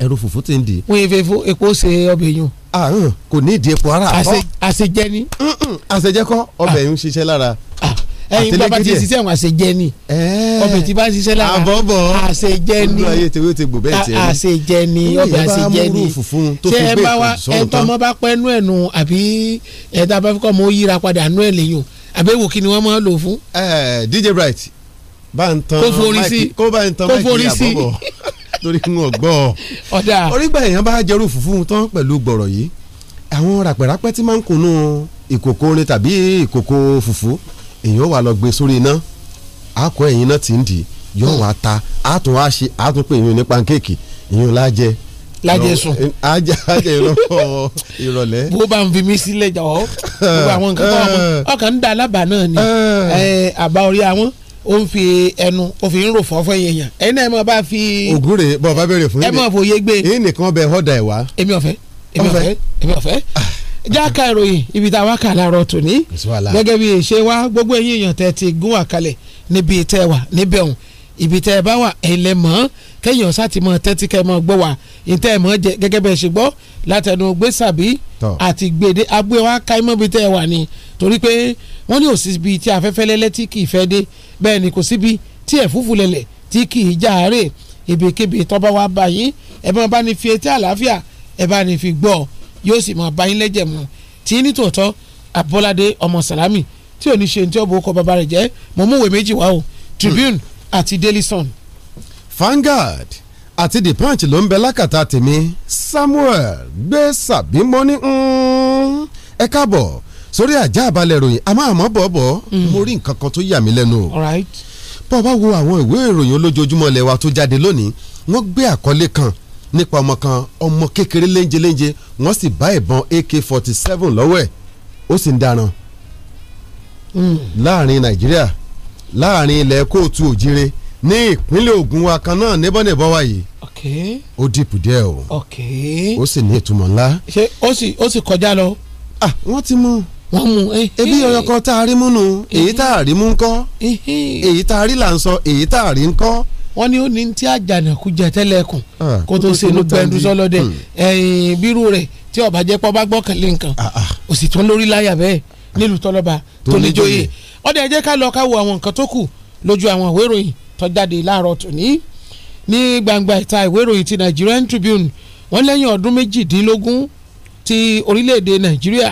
ẹrù fùfú ti ń di. wọ́n yẹ fẹ́ fún epo ṣe ọbẹ̀ yun. kò ní ìdí epo ara. àṣejẹ ni. àṣejẹ kọ́ ọbẹ̀ ah. yun ṣiṣẹ́ lára. Ah ẹyin bàbá ti ṣiṣẹ́ àwọn àṣejẹ ni ọbẹ̀ tí bá ń ṣiṣẹ́ lára àṣejẹ ni àṣejẹ ni ọbẹ̀ àṣejẹ ni ṣé ẹ bá wa ẹtọ́ ọmọ bá pẹ́ nú ẹ̀ nù àbí ẹ̀dá bá fi kọ́ ọmọ ó yíra padà nú ẹ̀ lẹ́yìn o àbẹ̀wò kí ni wọ́n máa lò fún. DJ Bright bá ń tan máìkì kó bá ń tan máìkì àbọ̀bọ̀ lórí wọn gbọ́ ọ. ọ̀dà orígbà èèyàn bá jẹ́rù fùfú tán pẹ̀lú gbọ̀rọ̀ yìí àwọn ràpẹ̀rápẹ́ tí máa ń kunu ìkòkò orin tàbí ìkòkò fùfú èèyàn wà lọ gbé sórí iná àkọ́ ẹ̀yìn náà ti ń dì yóò wá ta àtún wá ṣe àtún pé èèyàn ní pankéèkì èèyàn lájẹ lájẹ sùn ajẹ ajẹ ìrọ̀lẹ́ ìrọ̀lẹ́. bó bá ń fi mí sílẹ̀ jọ̀wọ́ gbogbo àwọn nǹkan tó wọn ọkàn ń da alábàá náà ni eh. Eh, àbá orí àwọn ó ń fi ẹnu ó fi ń rò fọ́fọ́ yẹn ẹ̀yin náà ẹ máa bá fi. ògùn rè bọ́ọ̀ bá bẹ̀rẹ̀ fún yín. ẹ máa fòye gbé. yín nìkan bẹ ọ̀dà ẹ̀ wá. èmi ọ̀fẹ́ èmi ọ̀fẹ́ èmi ọ̀fẹ́ ah jáka ìròyìn ibi tá a wá kà láàárọ̀ tòní gẹ́gẹ́ bí ìṣe wa gbogbo ẹ̀yin èèyàn tẹ́ ti gún àkàlẹ̀ níbi tẹ́ wà níbẹ̀ ọ̀hún ibi tẹ́ bá wà ẹ̀lẹ́ mọ́ kẹ́yìn ọ̀sá ti mọ tẹ́tí kẹ́ mọ́ gbọ́ wà ìtẹ́ ẹ mọ́ jẹ gẹ́gẹ́ bẹ́ẹ̀ ṣe gbọ́ látẹnu gbèsàbí àti gbèdé abúlé wa ká mọ́ ibi tẹ́ ẹ wà ni torí pé wọ́n ní òsì bíi ti afẹ́fẹ́ lẹ́lẹ́ tí kì í fẹ́ dé bẹ́ẹ̀ ni kò síbi tí ẹ̀ fúfú lẹ̀lẹ̀ tí kì í jàárẹ̀ ibikíbi tọ́ba wa báyìí ẹ bá ní fi etí àlàáfíà ẹ bá ní fi gbọ́ ọ yóò sì mọ báyìí lẹ́jẹ̀ mu tí ní tòótọ́ Abọ́ládé ọmọ Sàlámì tí ò ní ṣe ní tí ó bò kọ bàbá rẹ̀ jẹ́ mo mú ìwé méjì wá o Tribune àti Daily Sun. Vanguard àti The Punch ló ń bẹ lákàtà tèmi Samuel gbé sàbímọ ní hmm. ẹ káàbọ̀ sórí àjà àbálẹ̀ ìròyìn àmọ́ àmọ́ bọ̀ bọ̀ hmm. mo rí nǹkan kan tó yà mí lẹ́nu o bọ́ bá wo àwọn ìwé ìròyìn olójoojúmọ́ lẹ́wà tó jáde lónìí wọ́n gbé àkọlé kan nípa ọmọ kan ọmọ kékeré léńje léńje wọ́n sì bá ìbọn ak forty seven lọ́wọ́ ẹ̀ ó sì ń dáràn hmm. láàrin nàìjíríà láàrin ilẹ̀ kóòtù òjire ní ìpínlẹ̀ Ògùn wa kan náà níbọ̀nìbọ̀ wa yìí ó dìpù díẹ̀ o ó sì ní ìtumọ̀ ńlá. ṣé ó sì kọjá lọ. ah wọ́n ti mú wọ́n mú ẹ. Eh, eh. ebi ọyọ kan tá a rí mú nu èyí tá a rí mú ń kọ́ eh, èyí tá a rí là ń sọ èyí tá a rí ń kọ́ wọ́n ní ó ní tí àjànàkú jẹ tẹ́lẹ̀kùn ah, kó tó ṣe inú gbẹ́ndú sọ́lọ́dẹ̀ hmm. ẹ̀yìn bírú rẹ̀ tí ọba jẹ́ pọ́ bá gbọ́kànlé nǹkan òsì ah, ah. tún lórí láyà bẹ́ẹ̀ nílùú tọ́lọ́ba tó níjòyè ọdẹ ẹ ká lọ ká wo àwọn nǹkan tó kù lójú àwọn ìwé ìròyìn tó jáde láàárọ̀ tòní ní gbangba ìta ìwé ìròyìn ti Nigerian Tribune wọ́n lẹ́yìn ọdún méjìdínlógún ti orílẹ̀-èdè Nàìjíríà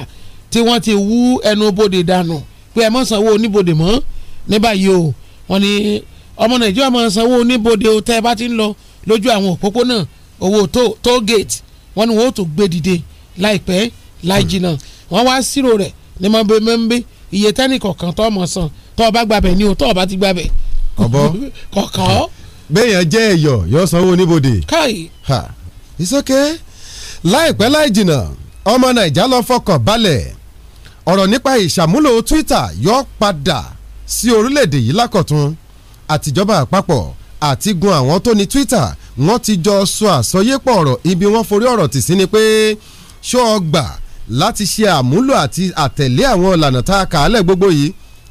tí wọ́n ti wú ẹnu bodè dànù pé ẹ mọ̀ sanwó oníbodè mọ́ ní báyìí o wọ́n ní ọmọ nàìjíríà máa sanwó oníbodè tẹ́ ẹ bá ti ń lọ lójú àwọn òpópónà owó toll gate wọ́n ní wọ́n ó tún gbé dìde láìpẹ́ láì jìnnà wọ́n wá sírò rẹ̀ ní mọ́bẹ́ mọ́bẹ́ iye tẹ́nìkọ̀ọ̀kan tó ọmọ san tó ọba gbàbẹ̀ ni o tó ọba ti gbàbẹ̀. ọ̀bọ kọ̀ọ̀kan. béèyàn jẹ́ ẹ̀yọ̀ yọ sanwó oníbodè. káyì. ha it's okay láìpẹ́ láì jìnnà ọmọ nàìjà lọ fọkàn balẹ̀ ọ̀rọ̀ nípa ìṣàmúlò Twitter yọ padà sí orílẹ̀-èdè yìí lákọ̀tún àtijọba àpapọ̀ àti gun àwọn tó ní Twitter wọ́n ti jọ sọ àsọyépọ̀ ọ̀rọ̀ ibi wọ́n forí ọ̀rọ̀ tì sí ni pé ṣó o gbà láti ṣe àmúlò àti àtẹ̀lé àwọn ìlànà tá a kà á lẹ̀ gbogbo yìí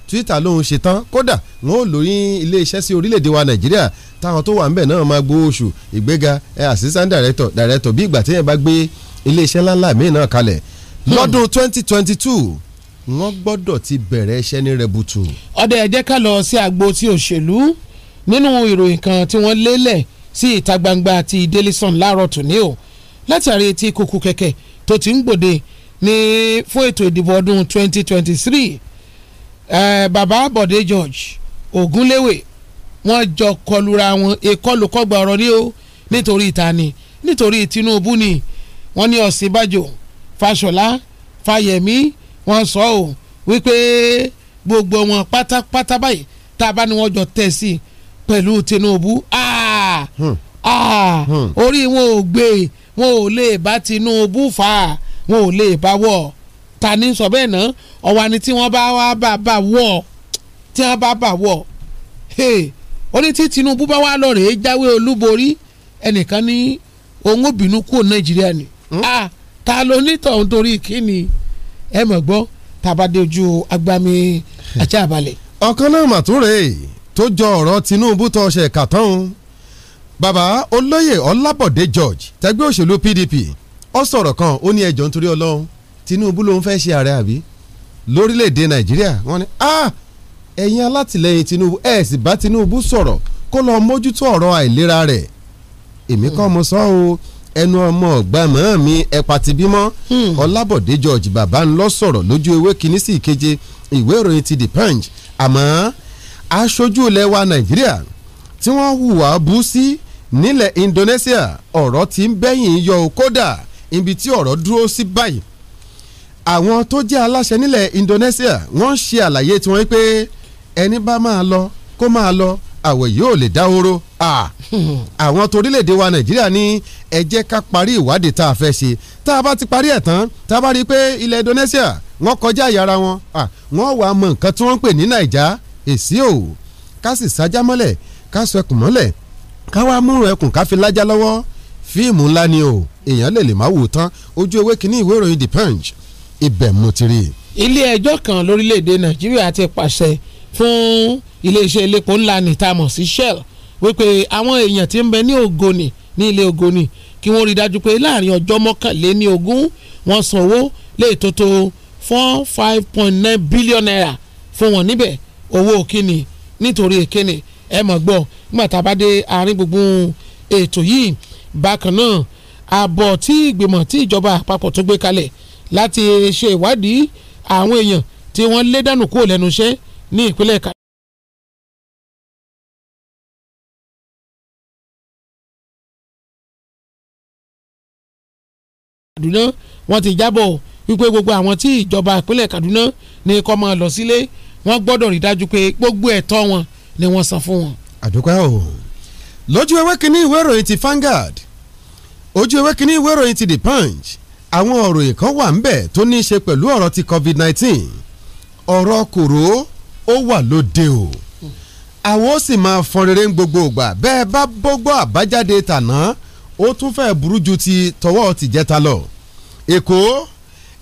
Twitter lòun ṣe tán kódà wọn ò lórí iléeṣẹ́ sí orílẹ̀-èdè wa Nàìjíríà táwọn tó wà ń bẹ̀ náà máa gbowó oṣù ìgbéga ẹ assistant director director bí ìgbà téèyàn bá gbé iléeṣẹ́ ńláńlá míì náà kalẹ̀ hmm. lọ́dún twenty twenty two wọ́n gbọ́dọ̀ ti bẹ̀rẹ̀ iṣẹ́ ní rẹ̀bùtù. ọ̀dẹ ẹ jẹ́ ká lọ sí agbo ti òṣèlú nínú ìròyìn kan tí wọ́n lélẹ̀ sí ìta gbangba ti Daily Sun láàárọ̀ tòní o látàrí ti kùkù kẹ̀kẹ́ tó ti ń gbòde ní fún ètò ìdìbò ọdún 2023 eh, bàbá Bọ̀dé George Ògúnléwé wọ́n jọ kọlura wọn ìkọlùkọgba ọ̀rọ̀ ni o nítorí ìtani nítorí Tinubu ni wọ́n ní Ọ̀sínbàjò Fáṣọlá Fáyẹ̀mí wọ́n sọ ọ́ wípé gbogbo wọn pátápátá báyìí tá a bá ní wọ́n jọ tẹ̀ sí pẹ̀lú Tinubu ah! Hmm. Ah! Hmm. orí wọn ò gbé wọn ò lè bá Tinubu fà á wọn ò lè bá wọ̀ ta ni sọ bẹ́ẹ̀ náà ọ̀wà ni tí wọ́n bá wá bá bá wọ̀ tí wọ́n bá bá wọ̀ ó ní tí Tinubu bá wá lọ rèé jáwé olúborí ẹnìkan ní òun ò bínú Nàìjíríà ni hmm. ah! ta ló ní tọ̀hún torí kíni ẹ mọ̀ gbọ́ tàbádé ojú agbami ajá balẹ̀. ọ̀kan náà mà tún rèé tó jọ ọ̀rọ̀ Tinubu tó ṣe kàtán o olóyè Ọlábọ̀dé George tẹgbẹ́ òṣèlú PDP ó sọ̀rọ̀ kan ó ní ẹjọ́ nítorí Ọlọ́run Tinubu ló ń fẹ́ ṣe ààrẹ àbí lórílẹ̀‐èdè Nàìjíríà wọ́n ní ẹ̀yin alátìlẹyìn Tinubu ẹ̀ sì bá Tinubu sọ̀rọ̀ kó lọ mójútó ọ̀rọ̀ àìlera rẹ̀ èmi kọ́ mo sọ ọ́ o ẹnu ọmọ ọgbà mọ́ mi ẹ̀pà ti bímọ hmm. ọlábọ̀dé george bàbá ń lọ sọ̀rọ̀ lójú ewé kínní sí ìkeje ìwé ìròyìn ti the punch àmọ́ aṣojú ilẹ̀ wa nàìjíríà tí wọ́n hùwà bú sí nílẹ̀ indonesia ọ̀rọ̀ ti ń bẹ́yìn yọ kódà ibi tí ọ̀rọ̀ dúró sí báyìí àwọn tó jẹ́ aláṣẹ nílẹ̀ indonesia wọ́n ṣe àlàyé tiwọn pé ẹni bá máa lọ kó máa lọ àwẹ̀ yóò lè dá oró àwọn torílẹ̀-èdè wa nàìjíríà ní ẹ ká parí ìwádìí tá a fẹ́ ṣe tá a bá ti parí ẹ̀ tán tá a bá rí i pé ilẹ̀ Indonesia wọ́n kọjá ìyára wọn wọ́n wàá mọ nǹkan tí wọ́n ń pè ní nàìjà èsì o ká sì sájá mọ́lẹ̀ ká sọ ẹkùn mọ́lẹ̀ ká wá múrò ẹkùn ká fi lájá lọ́wọ́ fíìmù ńlá ni o èèyàn lè lè má wò tán ojú ewé kínní ìwé ìròyìn The Punch ibẹ̀ mo ti rí i. ilé ẹjọ́ kan lórílẹ̀‐èdè nàìjíríà ti pàṣẹ fún iléeṣẹ́ elépo ńlá ní tá a mọ̀ sí Shell wípé àwọn èèyàn tí ń bẹ ní Ògoni ní ilé Ògoni kí wọ́n rí dájú pé láàrin ọjọ́ mọ́kànléní ogún wọ́n san owó lè tó four five point nine billion naira fún wọn níbẹ̀ owó kíni nítorí èkéni ẹ mọ̀ gbọ́ nígbà tá a bá dé àárín gbùngbùn ètò yìí bákan náà àbọ̀ tí ìgbìmọ̀ tí ìjọba àpapọ̀ tó gbé kalẹ̀ láti ṣe ìwádìí àwọn èèyàn tí wọ́n lé dànù kúrò lẹ́nu iṣẹ́ ní ìpínlẹ̀ ká. Kaduna wọ́n ti jábọ̀ wípé gbogbo àwọn tí ìjọba ìpínlẹ̀ Kaduna ní kó máa lọ sílé wọ́n gbọ́dọ̀ rí dájú pé gbogbo ẹ̀tọ́ wọn ni wọ́n san fún wọn. àdúgbò o lójú ewé kínní ìwé ìròyìn ti Vanguard ojú ewé kínní ìwé ìròyìn ti The Punch àwọn ọ̀ròyìn kan wà ńbẹ̀ tó ní í ṣe pẹ̀lú ọ̀rọ̀ ti COVID-19 ọ̀rọ̀ kòró ó wà lóde o àwọn ó sì máa fọn rere ń gbogbo ìgbà bẹ́ẹ̀ bá bọ́gbọ́ àbájáde tàná ó tún fẹ́ burú ju ti tọwọ́ tìjẹta lọ èkó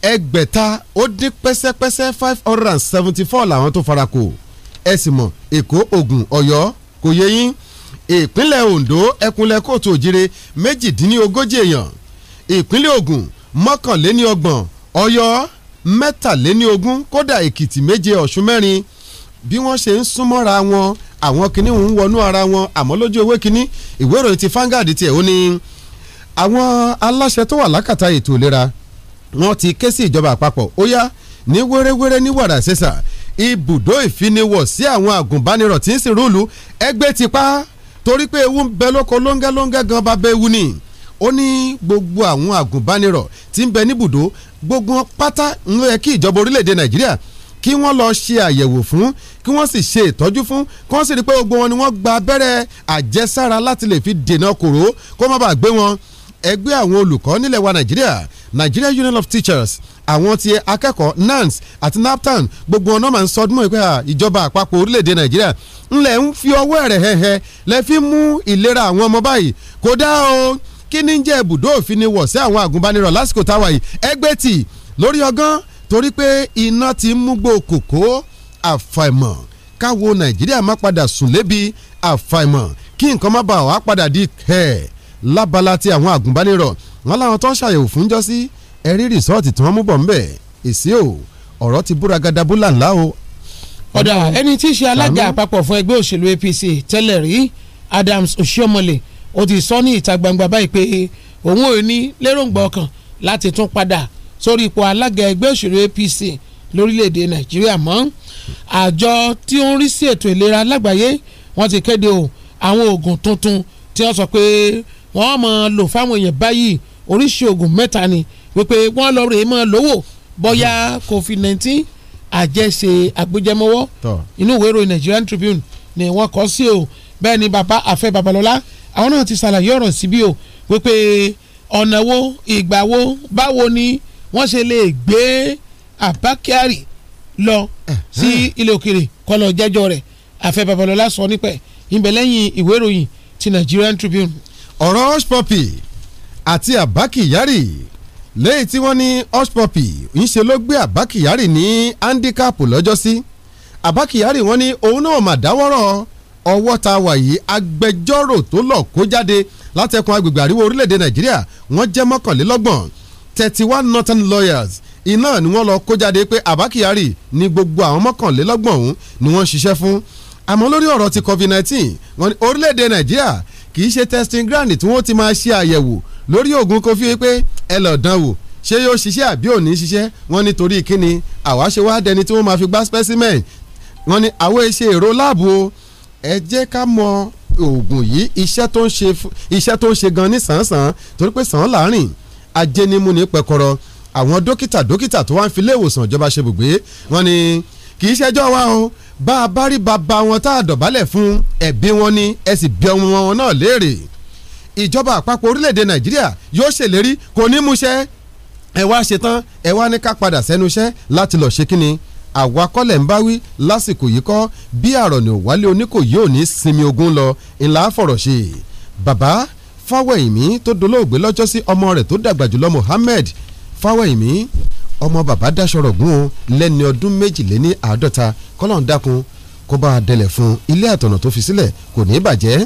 ẹgbẹ̀ta ó dín pẹ́sẹ́pẹ́sẹ́ five hundred and seventy four làwọn tó fara kò ẹ sì mọ̀ èkó ògùn ọ̀yọ́ kò yẹ yín ìpínlẹ̀ ondo ẹkùnlẹ̀ kóòtù òjire méjìdínlógójì èèyàn ìpínlẹ̀ ogun mọ́kànléníọgbọ̀n ọ̀yọ́ mẹ́tàléníogún kódà èkìtì méje ọ̀ṣun mẹ́rin bí wọ́n ṣe ń súnmọ́ra wọn àwọn kinní ń wọnú ara wọn àmọ́ lójú ewé kinní ìwé ìròyìn ti fangad tiẹ̀ ó ní àwọn aláṣẹ tó wà lákàtà ètò ìlera wọn ti ké sí ìjọba àpapọ̀ ó yá ní wéréwéré ní wàrà ṣẹṣà ibùdó ìfiniwọ̀ sí àwọn àgùnbánirọ̀ tí ń sì rúùlù ẹgbẹ́ ti pa torí pé ewu ń bẹ lóko lóńgálóńgá gan bá bẹ ewu nìyí ó ní gbogbo àwọn àgùnbánirọ̀ tí ń bẹ níbùdó gbogbo pátá ń lọ yẹ kí ìjọba orílẹ̀-èdè nàìjíríà kí wọ́n lọ ṣe àyẹ̀wò fún kí wọ́n sì ṣe ìtọ́jú fún kí wọ́n sì rí pé gbogbo wọn ni wọ́n gba abẹ́rẹ́ àjẹsára láti lè fi dènà kòró kó má bàa gbé wọn ẹgbẹ́ àwọn olùkọ́ nílẹ̀ wa nàìjíríà Nigeria Union of Teachers àwọn ti akẹ́kọ̀ọ́ NANS àti NAPTAN gbogbo ọ̀nà máa ń sọ ọdún ìpẹ́ ìjọba àpapọ̀ orílẹ̀‐èdè nàìjíríà ńlẹ̀ ń fi ọwọ́ rẹ̀ hẹ́hẹ́ lẹ́ fi mú ìlera àwọn ọmọ báyìí kódà o kí ni ń jẹ́ ibùdó òfin ni wọ̀ sí àwọn àgùnbánirọ̀ lásìkò táwa yìí ẹgbẹ́ tì lórí ọgán torí pé iná ti ń múgbó kòkó àfàìmọ̀ káwo nàìjíríà má padà sùn lébi àfàìmọ̀ kí nǹkan má bàa wá padà di ẹ̀ lábala ti àwọn àgùnbánirọ̀ wọn làwọn tó ń ṣàyẹ̀wò fún jọ́sí ẹ̀rí rìsọ́ọ̀tì tí wọ́n mú bọ̀ ńbẹ̀ èsì o ọ̀rọ̀ ti búra gadabúlà ńlá o. ọ̀dà ẹni tí í ṣe alága àpapọ̀ fún ẹgbẹ́ òṣèlú APC tẹ́lẹ̀ rí Adams Oshiomhole ó ti sọ ní ìta gbangba báyìí pé òun ò ní léròǹgbà ọkàn láti tún padà sórí ipò alága ẹgbẹ́ òṣèlú APC lórílẹ̀‐èdè Nàìjíríà mọ́ àjọ tí ó ń rí sí ètò ìlera lágbàáyé wọ́n ti kéde o àwọn oògùn tuntun tí wọ́n sọ pé wọ́n máa lò fáwọn èèyàn báyìí oríṣi oògùn mẹ́ta ni wípé wọ́n lọ rèé máa lówó bóyá covid nineteen àjẹsè àgbéjẹmọ́wọ́ inú ìwé ìròyìn Nigerian Tribune ni wọ́n kọ sí o bẹ́ẹ̀ ni bàbá àfẹ́ babalọ́lá àwọn náà ti ṣàlàyé ọ̀rọ̀ síbí o wípé ọ̀nà wo ìgbà wo báwo ni wọ́n ṣe lè gbé Abba Kyari lọ sí hmm. ilé òkèrè kọ́ lọ jẹ́jọ́ rẹ̀ àfẹ́ Babalọ́lá sọ nípẹ́ ìbẹ̀ lẹ́yìn ìwé ìròyìn ti Nigerian Tribune. ọ̀rọ̀ Hushpuppi àti Abba Kyari lẹ́yìn tí wọ́n ní Hushpuppi ń ṣe ló gbé Abba Kyari ní handicap lọ́jọ́ sí Abba Kyari wọ́n ní òun náà mà dáwọ́rọ̀ ọwọ́ ta wà yìí agbẹjọ́rò tó lọ kó jáde látẹkùn agbègbè àríwá orílẹ̀-èdè Nàìjíríà wọ́n jẹ́ mọ́kànlélọ́gbọ̀n thirty one northern lawyers iná ni wọ́n lọ kó jáde pé Abba Kyari ní gbogbo àwọn mọ́kànlélọ́gbọ̀n ọ̀hún ni wọ́n ṣiṣẹ́ fún àmọ́ lórí ọ̀rọ̀ ti covid nineteen wọ́n ní orílẹ̀-èdè Nàìjíríà kì í ṣe testing ground tí wọ́n ti máa ṣe àyẹ̀wò lórí oògùn kò fi pé ẹ lọ dán wò ṣé yóò ṣiṣẹ́ àbí ò ní ṣiṣẹ́ wọ́n ní torí kíni àwa ṣe wá dẹni tí wọ́n máa fi gbá specimen wọ́n ní àwọn ṣe èrò láàbò ẹ jẹ́ ká mọ oògùn yìí iṣẹ́ tó ń ṣe gan ní sàn-án sàn torí pé sàn-án láàrin ajénímú ní pẹ̀kọ̀rọ̀ àwọn dókítà dókítà tó wá ń fi iléèwòsàn ìjọba ṣe bùgbé wọ́n ní kì í ṣẹjọ́ wa o bá a bá rí bàbá wọn tá a dọ̀bálẹ̀ fún ẹ̀bí wọn ni ẹ sì bí ọmọ wọn náà léèrè ìjọba àpapọ̀ orílẹ̀-èdè nàìjíríà yóò ṣèlérí kò ní múṣẹ́ ẹ wá ṣetán ẹ wá ní ká padà sẹ́nu iṣẹ́ láti lọ́ọ́ ṣe kínni àwa kọ́lẹ̀ ń bá wí lásìkò yìí kọ́ bí àrọ̀nì òwálé oníkòyí ò ní sinmi ogun lọ ńlá fọ̀rọ̀ ṣe bàbá fáwẹ̀yìnmí tó dolóògbé lọ́jọ́ sí ọmọ rẹ̀ tó dàgbà jùlọ Mohammed fáwẹ̀yìnmí ọmọ bàbá dáṣọrọ̀ gún o lẹ́ni ọdún méjìléní àádọ́ta kọ́lọ́n dákun kó bá a dẹlẹ̀ fún ilé àtọ̀nà tó fi sílẹ̀ kò ní bàjẹ́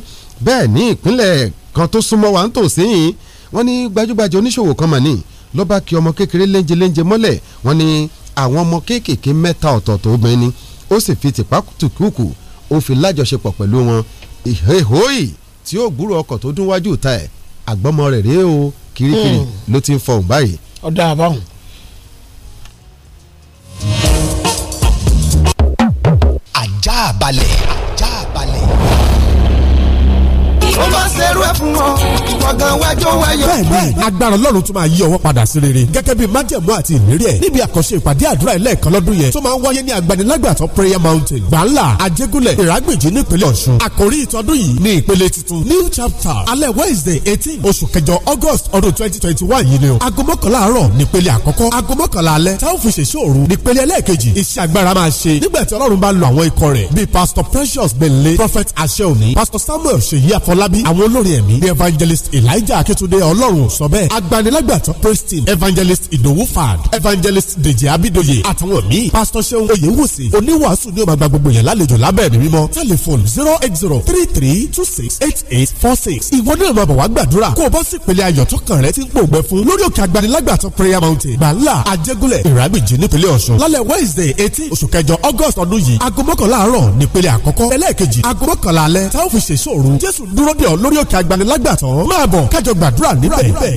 bẹ́ẹ̀ ní ìpínlẹ̀ kan tó súnmọ́ wa ń tò síyìn wọ́n ní gbajúgbajà oníṣòwò kan mà ní ló bá kí ọmọ kékeré léńje léńje mọ́lẹ̀ wọ́n ní àwọn ọmọ kéékèèké mẹ́ta ọ̀tọ̀ọ̀tọ̀ obìnrin ó sì fi tìpá ó fi lájọṣepọ̀ pẹ̀lú wọn ìhóhóyì tí ó gbúrò ọkọ̀ tó dún wájú ta ẹ̀ àgbọ́mọ rẹ̀ rèé o kirikiri hmm. ló ti ń fọhùn báyìí. ọ̀dà àbáhùn. ajá balẹ̀ ó bá ṣerú ẹ̀ fún wọn wọ̀gàn wájú wáyọ. bẹ́ẹ̀ni agbára Ọlọ́run tún máa yí ọwọ́ padà sí rere gẹ́gẹ́ bíi májẹ̀mú àti ìlérí ẹ̀ níbi àkànṣe ìpàdé àdúrà ẹlẹ́ẹ̀kan lọ́dún yẹn tó máa ń wáyé ní agbanilágbàtọ́ prayer mountain gbàǹlà àjẹgúnlẹ̀ ìrágbèjì nípínlẹ̀ Ọ̀ṣun àkòrí ìtọ́dún yìí ní ìpele tuntun new chapter alẹ́ wednesday eighteen oṣù kẹjọ august ọdún twenty twenty one yìí ni o aago mọ́kànlá àárọ̀ nípele àkọ́kọ́ aago mọ́kànlá alẹ́ táwọn fi ṣèṣe òru nípele ẹlẹ́ẹ̀kejì iṣẹ́ agbára máa ṣe nígbà tí Ọlọ́run bá lo àwọn ikọ̀ rẹ̀ bíi pastor precious gbẹ̀lẹ́ prophet aṣẹ́òní pastor samuel ṣèyí àfọláb alábí àwọn olórin ẹ̀mí The evangelist elijah akitunde ọlọ́run sọ bẹ́ẹ̀ agbanilágbàtàn praise team evangelist Idowu fad evangelist Deji abidoye àtàwọn míì pastor seun oyewusi oníwàásù ni ó máa gba gbogbo yẹn lálejò lábẹ́ ẹ̀mí mímọ́ telephone zero eight zero three three two six eight eight four six ìwọ náà máa bọ̀ wá gbàdúrà kó o bọ́ sí ìpele ayọ̀ tó kàn rẹ́ ti ń pògbẹ́ fún lórí òkè agbanilágbàtàn prayer mountain gbàlá àjẹgúnlẹ̀ ìrágbìjì nípínlẹ̀ ọ̀ṣun lálẹ́ wednesday eighteen oṣù kẹjọ august ọdún yìí aago mọ́kànlá àárọ̀ nípele àkọ́kọ́ ẹlẹ́ẹ̀kejì aago mọ́kànlá alẹ́ táwọn fi ṣèṣòro jésù dúró dé ọ lórí òkè agbanilágbàtàn máa bọ̀ kájọ gbàdúrà níbẹ̀.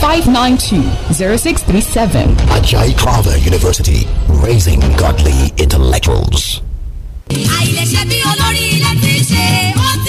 592-0637. Ajay Crowther University, raising godly intellectuals.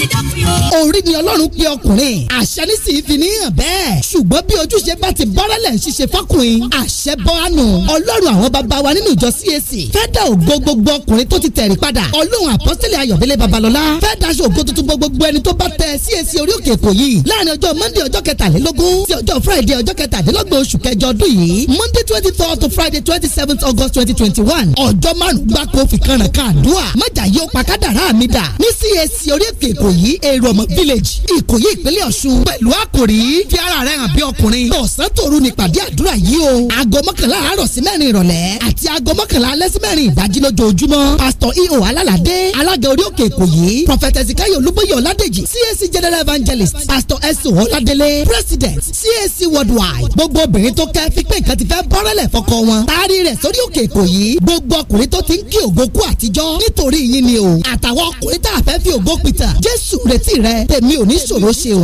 orí ni ọlọ́run pe ọkùnrin àṣẹ nísìnyí fi níyàn bẹ́ẹ̀ ṣùgbọ́n bí ojúṣe bá ti bọ́rẹ́lẹ̀ ṣiṣẹ́ fọkùnrin àṣẹ bọ́ àánú ọlọ́run àwọn bàbá wa nínú ìjọ CAC fẹ́dà ògo gbogbo ọkùnrin tó ti tẹ̀rí padà ọlọ́run àpọ́sítẹ́lẹ̀ ayọ̀délé babalọ́lá fẹ́dà aṣọ ògo tuntun gbogbo ẹni tó bá tẹ CAC orí òkè èkó yìí láàrin ọjọ́ monday ọjọ́ kẹtàlélógún sí ọjọ́ friday ọjọ́ kẹtàdínlọ́gbọ̀n oṣù kẹjọ ọdún yìí monday twenty four to friday twenty seven august twenty twenty one ọjọ́ márùn-ún gbáko fìkanràn kan àdúrà májà yóò pa kádàrá mi dà ní CAC orí òkè èkó ìkòyí èrò ọmọ village ìkòyí ìpínlẹ̀ ọ̀ṣun pẹ̀lú àkòrí fi ara rẹ̀ hàn bí ọkùnrin ọ̀sán tòru ní pàdé àdúrà yìí o aago mọ́kànlá àárọ̀ sí mẹ́rin ìrọ̀lẹ́ àti aago mọ́kànlá alẹ́ sí mẹ́rin ìdájí lójoojúmọ́ pásítọ̀ E.O. alálàdé alága orí òkè ìkòyí prophet ezekiel olúbóyè ọ̀ládèjì CAC general evangelist pastor S.O. ọ̀ládélé president CAC worldwide gbogbo obìnrin tó kẹ́ fi pé nǹkan ti fẹ́ bọ́rẹ́lẹ̀ fọkọ wọn taari rẹ̀ sórí òkè ìkòyí gbogbo ọkùnrin o àtàwọn ọkùnrin tá a fẹ́ jésù retí rẹ tèmi ò ní ṣòro ṣe o.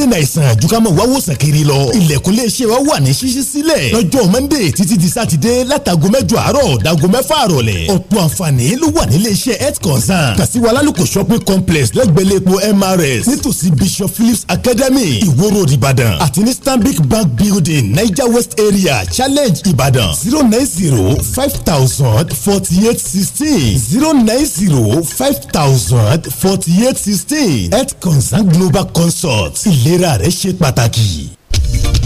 dènà àìsàn àjùkámọ̀ wá wòsàn kiri lọ. ilẹ̀kùn iléeṣẹ́ wa wà ní ṣíṣí sílẹ̀ lọ́jọ́ monday títí di sátidé látago mẹ́jọ àárọ̀ dago mẹ́fà àrọ̀lẹ̀. ọ̀pọ̀ àǹfààní ló wà níléeṣẹ́ health concern kàṣíwá lálùkò shopping complex lẹ́gbẹ̀lẹ́ epo mrs nítòsí bishop phillips academy ìwó ìbàdàn àti ní stanbic bank building niger west area challenge ìbàdàn zero nine zero five thousand forty eight sixteen zero nine zero five thousand forty eight sixteen health concern global consult ilé ìlera rẹ ṣe pàtàkì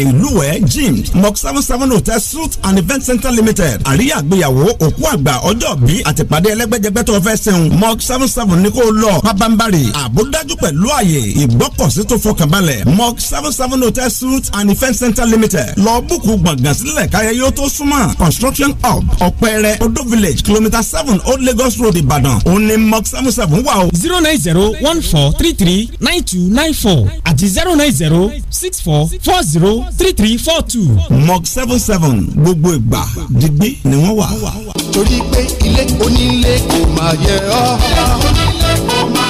ìlúwẹ̀ gym mok seven hotel suite and event center limited àríyá àgbéyàwó òkú àgbà ọjọ́ bí àtìpàdé ẹlẹ́gbẹ́jẹgbẹ́ tó fẹ́ sẹ́hun mok seven seven ní kó lọ pábánbárì àbúdájú pẹ̀lú àyè ìgbọ́kọ̀sí tó fọkànbalẹ̀ mok seven hotel suite and event center limited lọ búkú gbọ̀ngàn sílẹ̀ káyẹ yóò tó súnmọ́ construction hub ọ̀pẹ̀rẹ̀ Odo village kilometre seven old lagos road ìbàdàn òní mok seven seven wà o. zero nine zero one four three three nine two nine four àti zero nine zero six four four zero three three four two. mug seven seven gbogbo ìgbà digbí ni wọ́n wà. torí pé ilé onílé kò máa yẹ ọ́. ilé onílé kò máa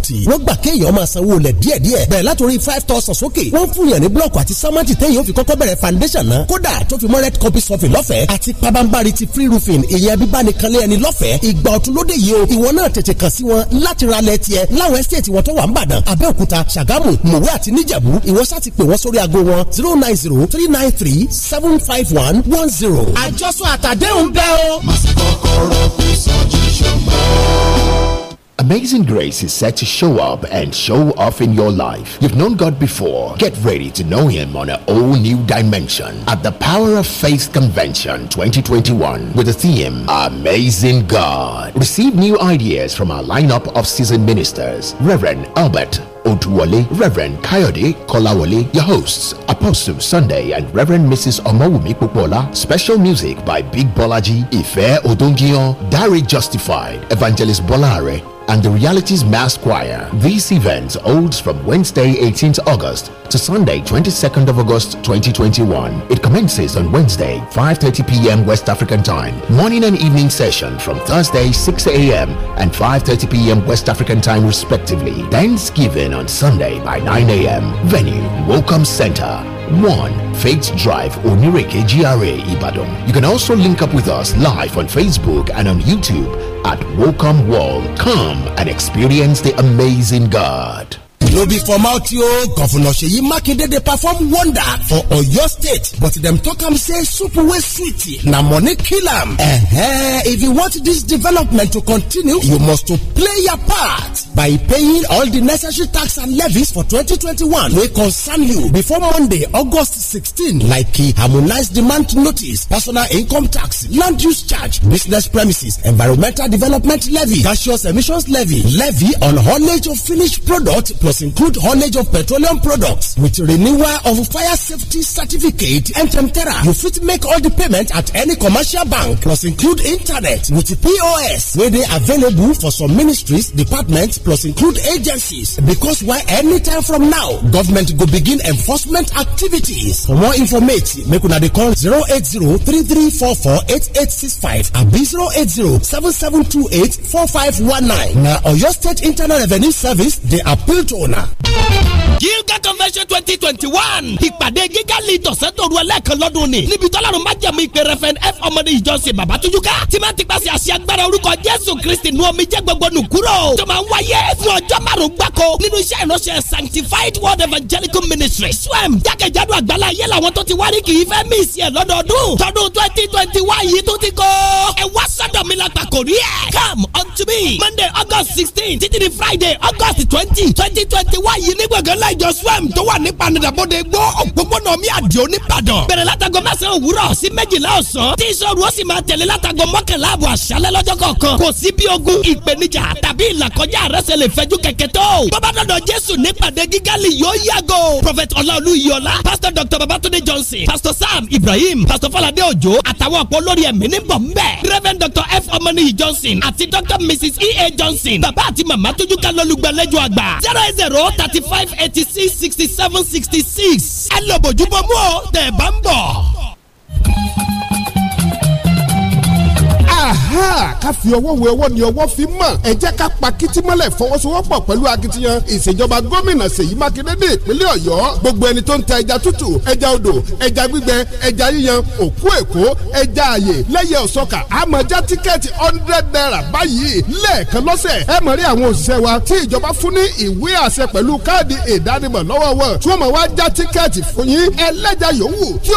property wọ́n gbà kéèyàn máa sanwó lẹ̀ díẹ̀díẹ̀ bẹ̀rẹ̀ látòrí five thousand sókè wọ́n fún yàn ní blọọkù àti sámẹ́ǹtì téèyàn ó fi kọ́kọ́ bẹ̀rẹ̀ foundation náà kódà tó fi mọ́ red copy sọ́fìn lọ́fẹ̀ẹ́ àti pabambari ti free roofing ìyẹn bíbánikanlé ẹni lọ́fẹ̀ẹ́ ìgbà ọ̀tun lóde yìí o ìwọ náà tètè kàn sí wọn láti ra lẹ̀ tiẹ̀ láwọn estate wọn tó wà ń bàdàn abẹ́òkúta ṣàgámù mòwe àti níjẹ̀bú ìwọ sá ti pè wọ́n sórí aago wọn zero nine zero three nine three seven five one one zero. àjọsọ àtàdéhùn bẹ́ẹ̀ o. màsí kọ́kọ́rọ́ fi sọ́jú ṣùgbọ́n. Amazing grace is set to show up and show off in your life. You've known God before. Get ready to know Him on a whole new dimension at the Power of Faith Convention 2021 with the theme Amazing God. Receive new ideas from our lineup of seasoned ministers. Reverend Albert Oduwale, Reverend Kayode Kolawole, your hosts, Apostle Sunday and Reverend Mrs. Omowumi Popola. Special music by Big Bolaji, Ife Odongion, Diary Justified, Evangelist Bolare, and the Realities Mass Choir. This event holds from Wednesday 18th August to Sunday 22nd of August 2021. It commences on Wednesday 5.30 p.m. West African time. Morning and evening session from Thursday 6 a.m. and 5.30 p.m. West African time respectively. Dance given on Sunday by 9 a.m. Venue, Welcome Center, 1. Faith Drive Onireke GRA Ibadan. You can also link up with us live on Facebook and on YouTube at Welcome World. Come and experience the amazing God. no be for mouth o govnor seyi makinde dey perform wonder for oyo state but dem talk am say soup wey sweet na money kill am eh if you want dis development to continue you must to play your part by paying all di necessary tax and levies for 2021 wey concern you before monday august 16 like harmonised demand notice personal income tax land use charge business premises environmental development levy gaseous emissions levy levy on haulage of finished product plus include haulage of petroleum products with renewal of fire safety certificate and Temtera. You fit make all the payment at any commercial bank plus include internet with POS where they available for some ministries, departments plus include agencies because why anytime from now government go begin enforcement activities. For more information make una call 08033448865 abi 08077284519 na your State Internal Revenue Service they appeal to on. ọ̀nà. Gilgal Convention twenty twenty one ìpàdé Gilgal lead ọ̀sẹ̀ tó ru ẹlẹ́ẹ̀kan lọ́dún ni níbi tọ́lárun má jẹ̀mú ìpè Reverend F ọmọdé ìjọsìn bàbá tójúká tí máa ti pàṣẹ àṣẹ agbára orúkọ Jésù Kristi nu omi jẹ́ gbogbo nù kúrò tó máa ń wáyé fún ọjọ́ márùn-ún gbáko nínú iṣẹ́ ìránṣẹ́ Sanctified World Evangelical Ministry swam jákèjádò àgbàlá ayé làwọn tó ti wárí kì í fẹ́ mí ìsì ẹ̀ lọ́dọọdún tọdún twenty twenty one yìí tó ti kọ́ ẹ wá sọ́dọ̀ mi la gbàkórí ẹ̀ come unto me Monday August sixteen títí di Friday August twenty twenty twenty twenty one yìí ní gbọ̀ngàn láìjọ swam tó wà ní panadabode gbọ́ òpópónà mi àdìo nìbàdàn bẹ̀rẹ̀ látago mẹ́sàn-án òwúrọ̀ sí méjìlá ọ̀sán tí ìṣòro ó sì máa tẹ̀lé látago mọ́kànlá àbọ̀ àṣálẹ́ lọ́jọ́ kọ̀ọ̀kan kò sí bí ogun ìpèníjà tàbí ìlàkọjá àrẹsẹ̀ lè fẹjú kẹ̀kẹ́ tó bọ́bá dọ̀dọ̀ jésù nípàdé gígálì yóò yàgò prophet ọláolú iyọlá pastor dr babatunde johnson pastor sam ibrahim pastor falade ojo àtàwọn ọ̀pọ̀ olórí ẹ̀mí ní reverend dr f ọmọnìyí johnson àti dr mrs e a johnson bàbá àti màmá tójú zero zero zero thirty five eighty six sixty seven sixty six ẹ lọ bójúbọ mú o bá ń bọ̀ ká fi ọwọ́ wẹ ọwọ́ ni ọwọ́ fi mọ̀ ẹ jẹ́ ká pa kìtìmọ́lẹ̀ fọwọ́sowọ́pọ̀ pẹ̀lú akitiyan ìṣèjọba gómìnà Ṣèyí Mákindé ní ìpínlẹ̀ Ọ̀yọ́ gbogbo ẹni tó ń ta ẹja tútù ẹja odò ẹja gbígbẹ ẹja yíyan òkú èkó ẹja àyè lẹ́yẹ òsọkà àmọ̀já tíkẹ́ẹ̀tì hundred naira báyìí lẹ́ẹ̀kan lọ́sẹ̀ ẹ mọ̀ rí àwọn òṣìṣẹ́ wa tí ìjọba fún ní ìwé àṣẹ pẹ̀lú káàdì ìdánimọ̀ lọ́wọ́ wọn tí wọ́n mọ̀ wá já tíkẹ́ẹ̀tì fún yín ẹlẹ́ja yòówù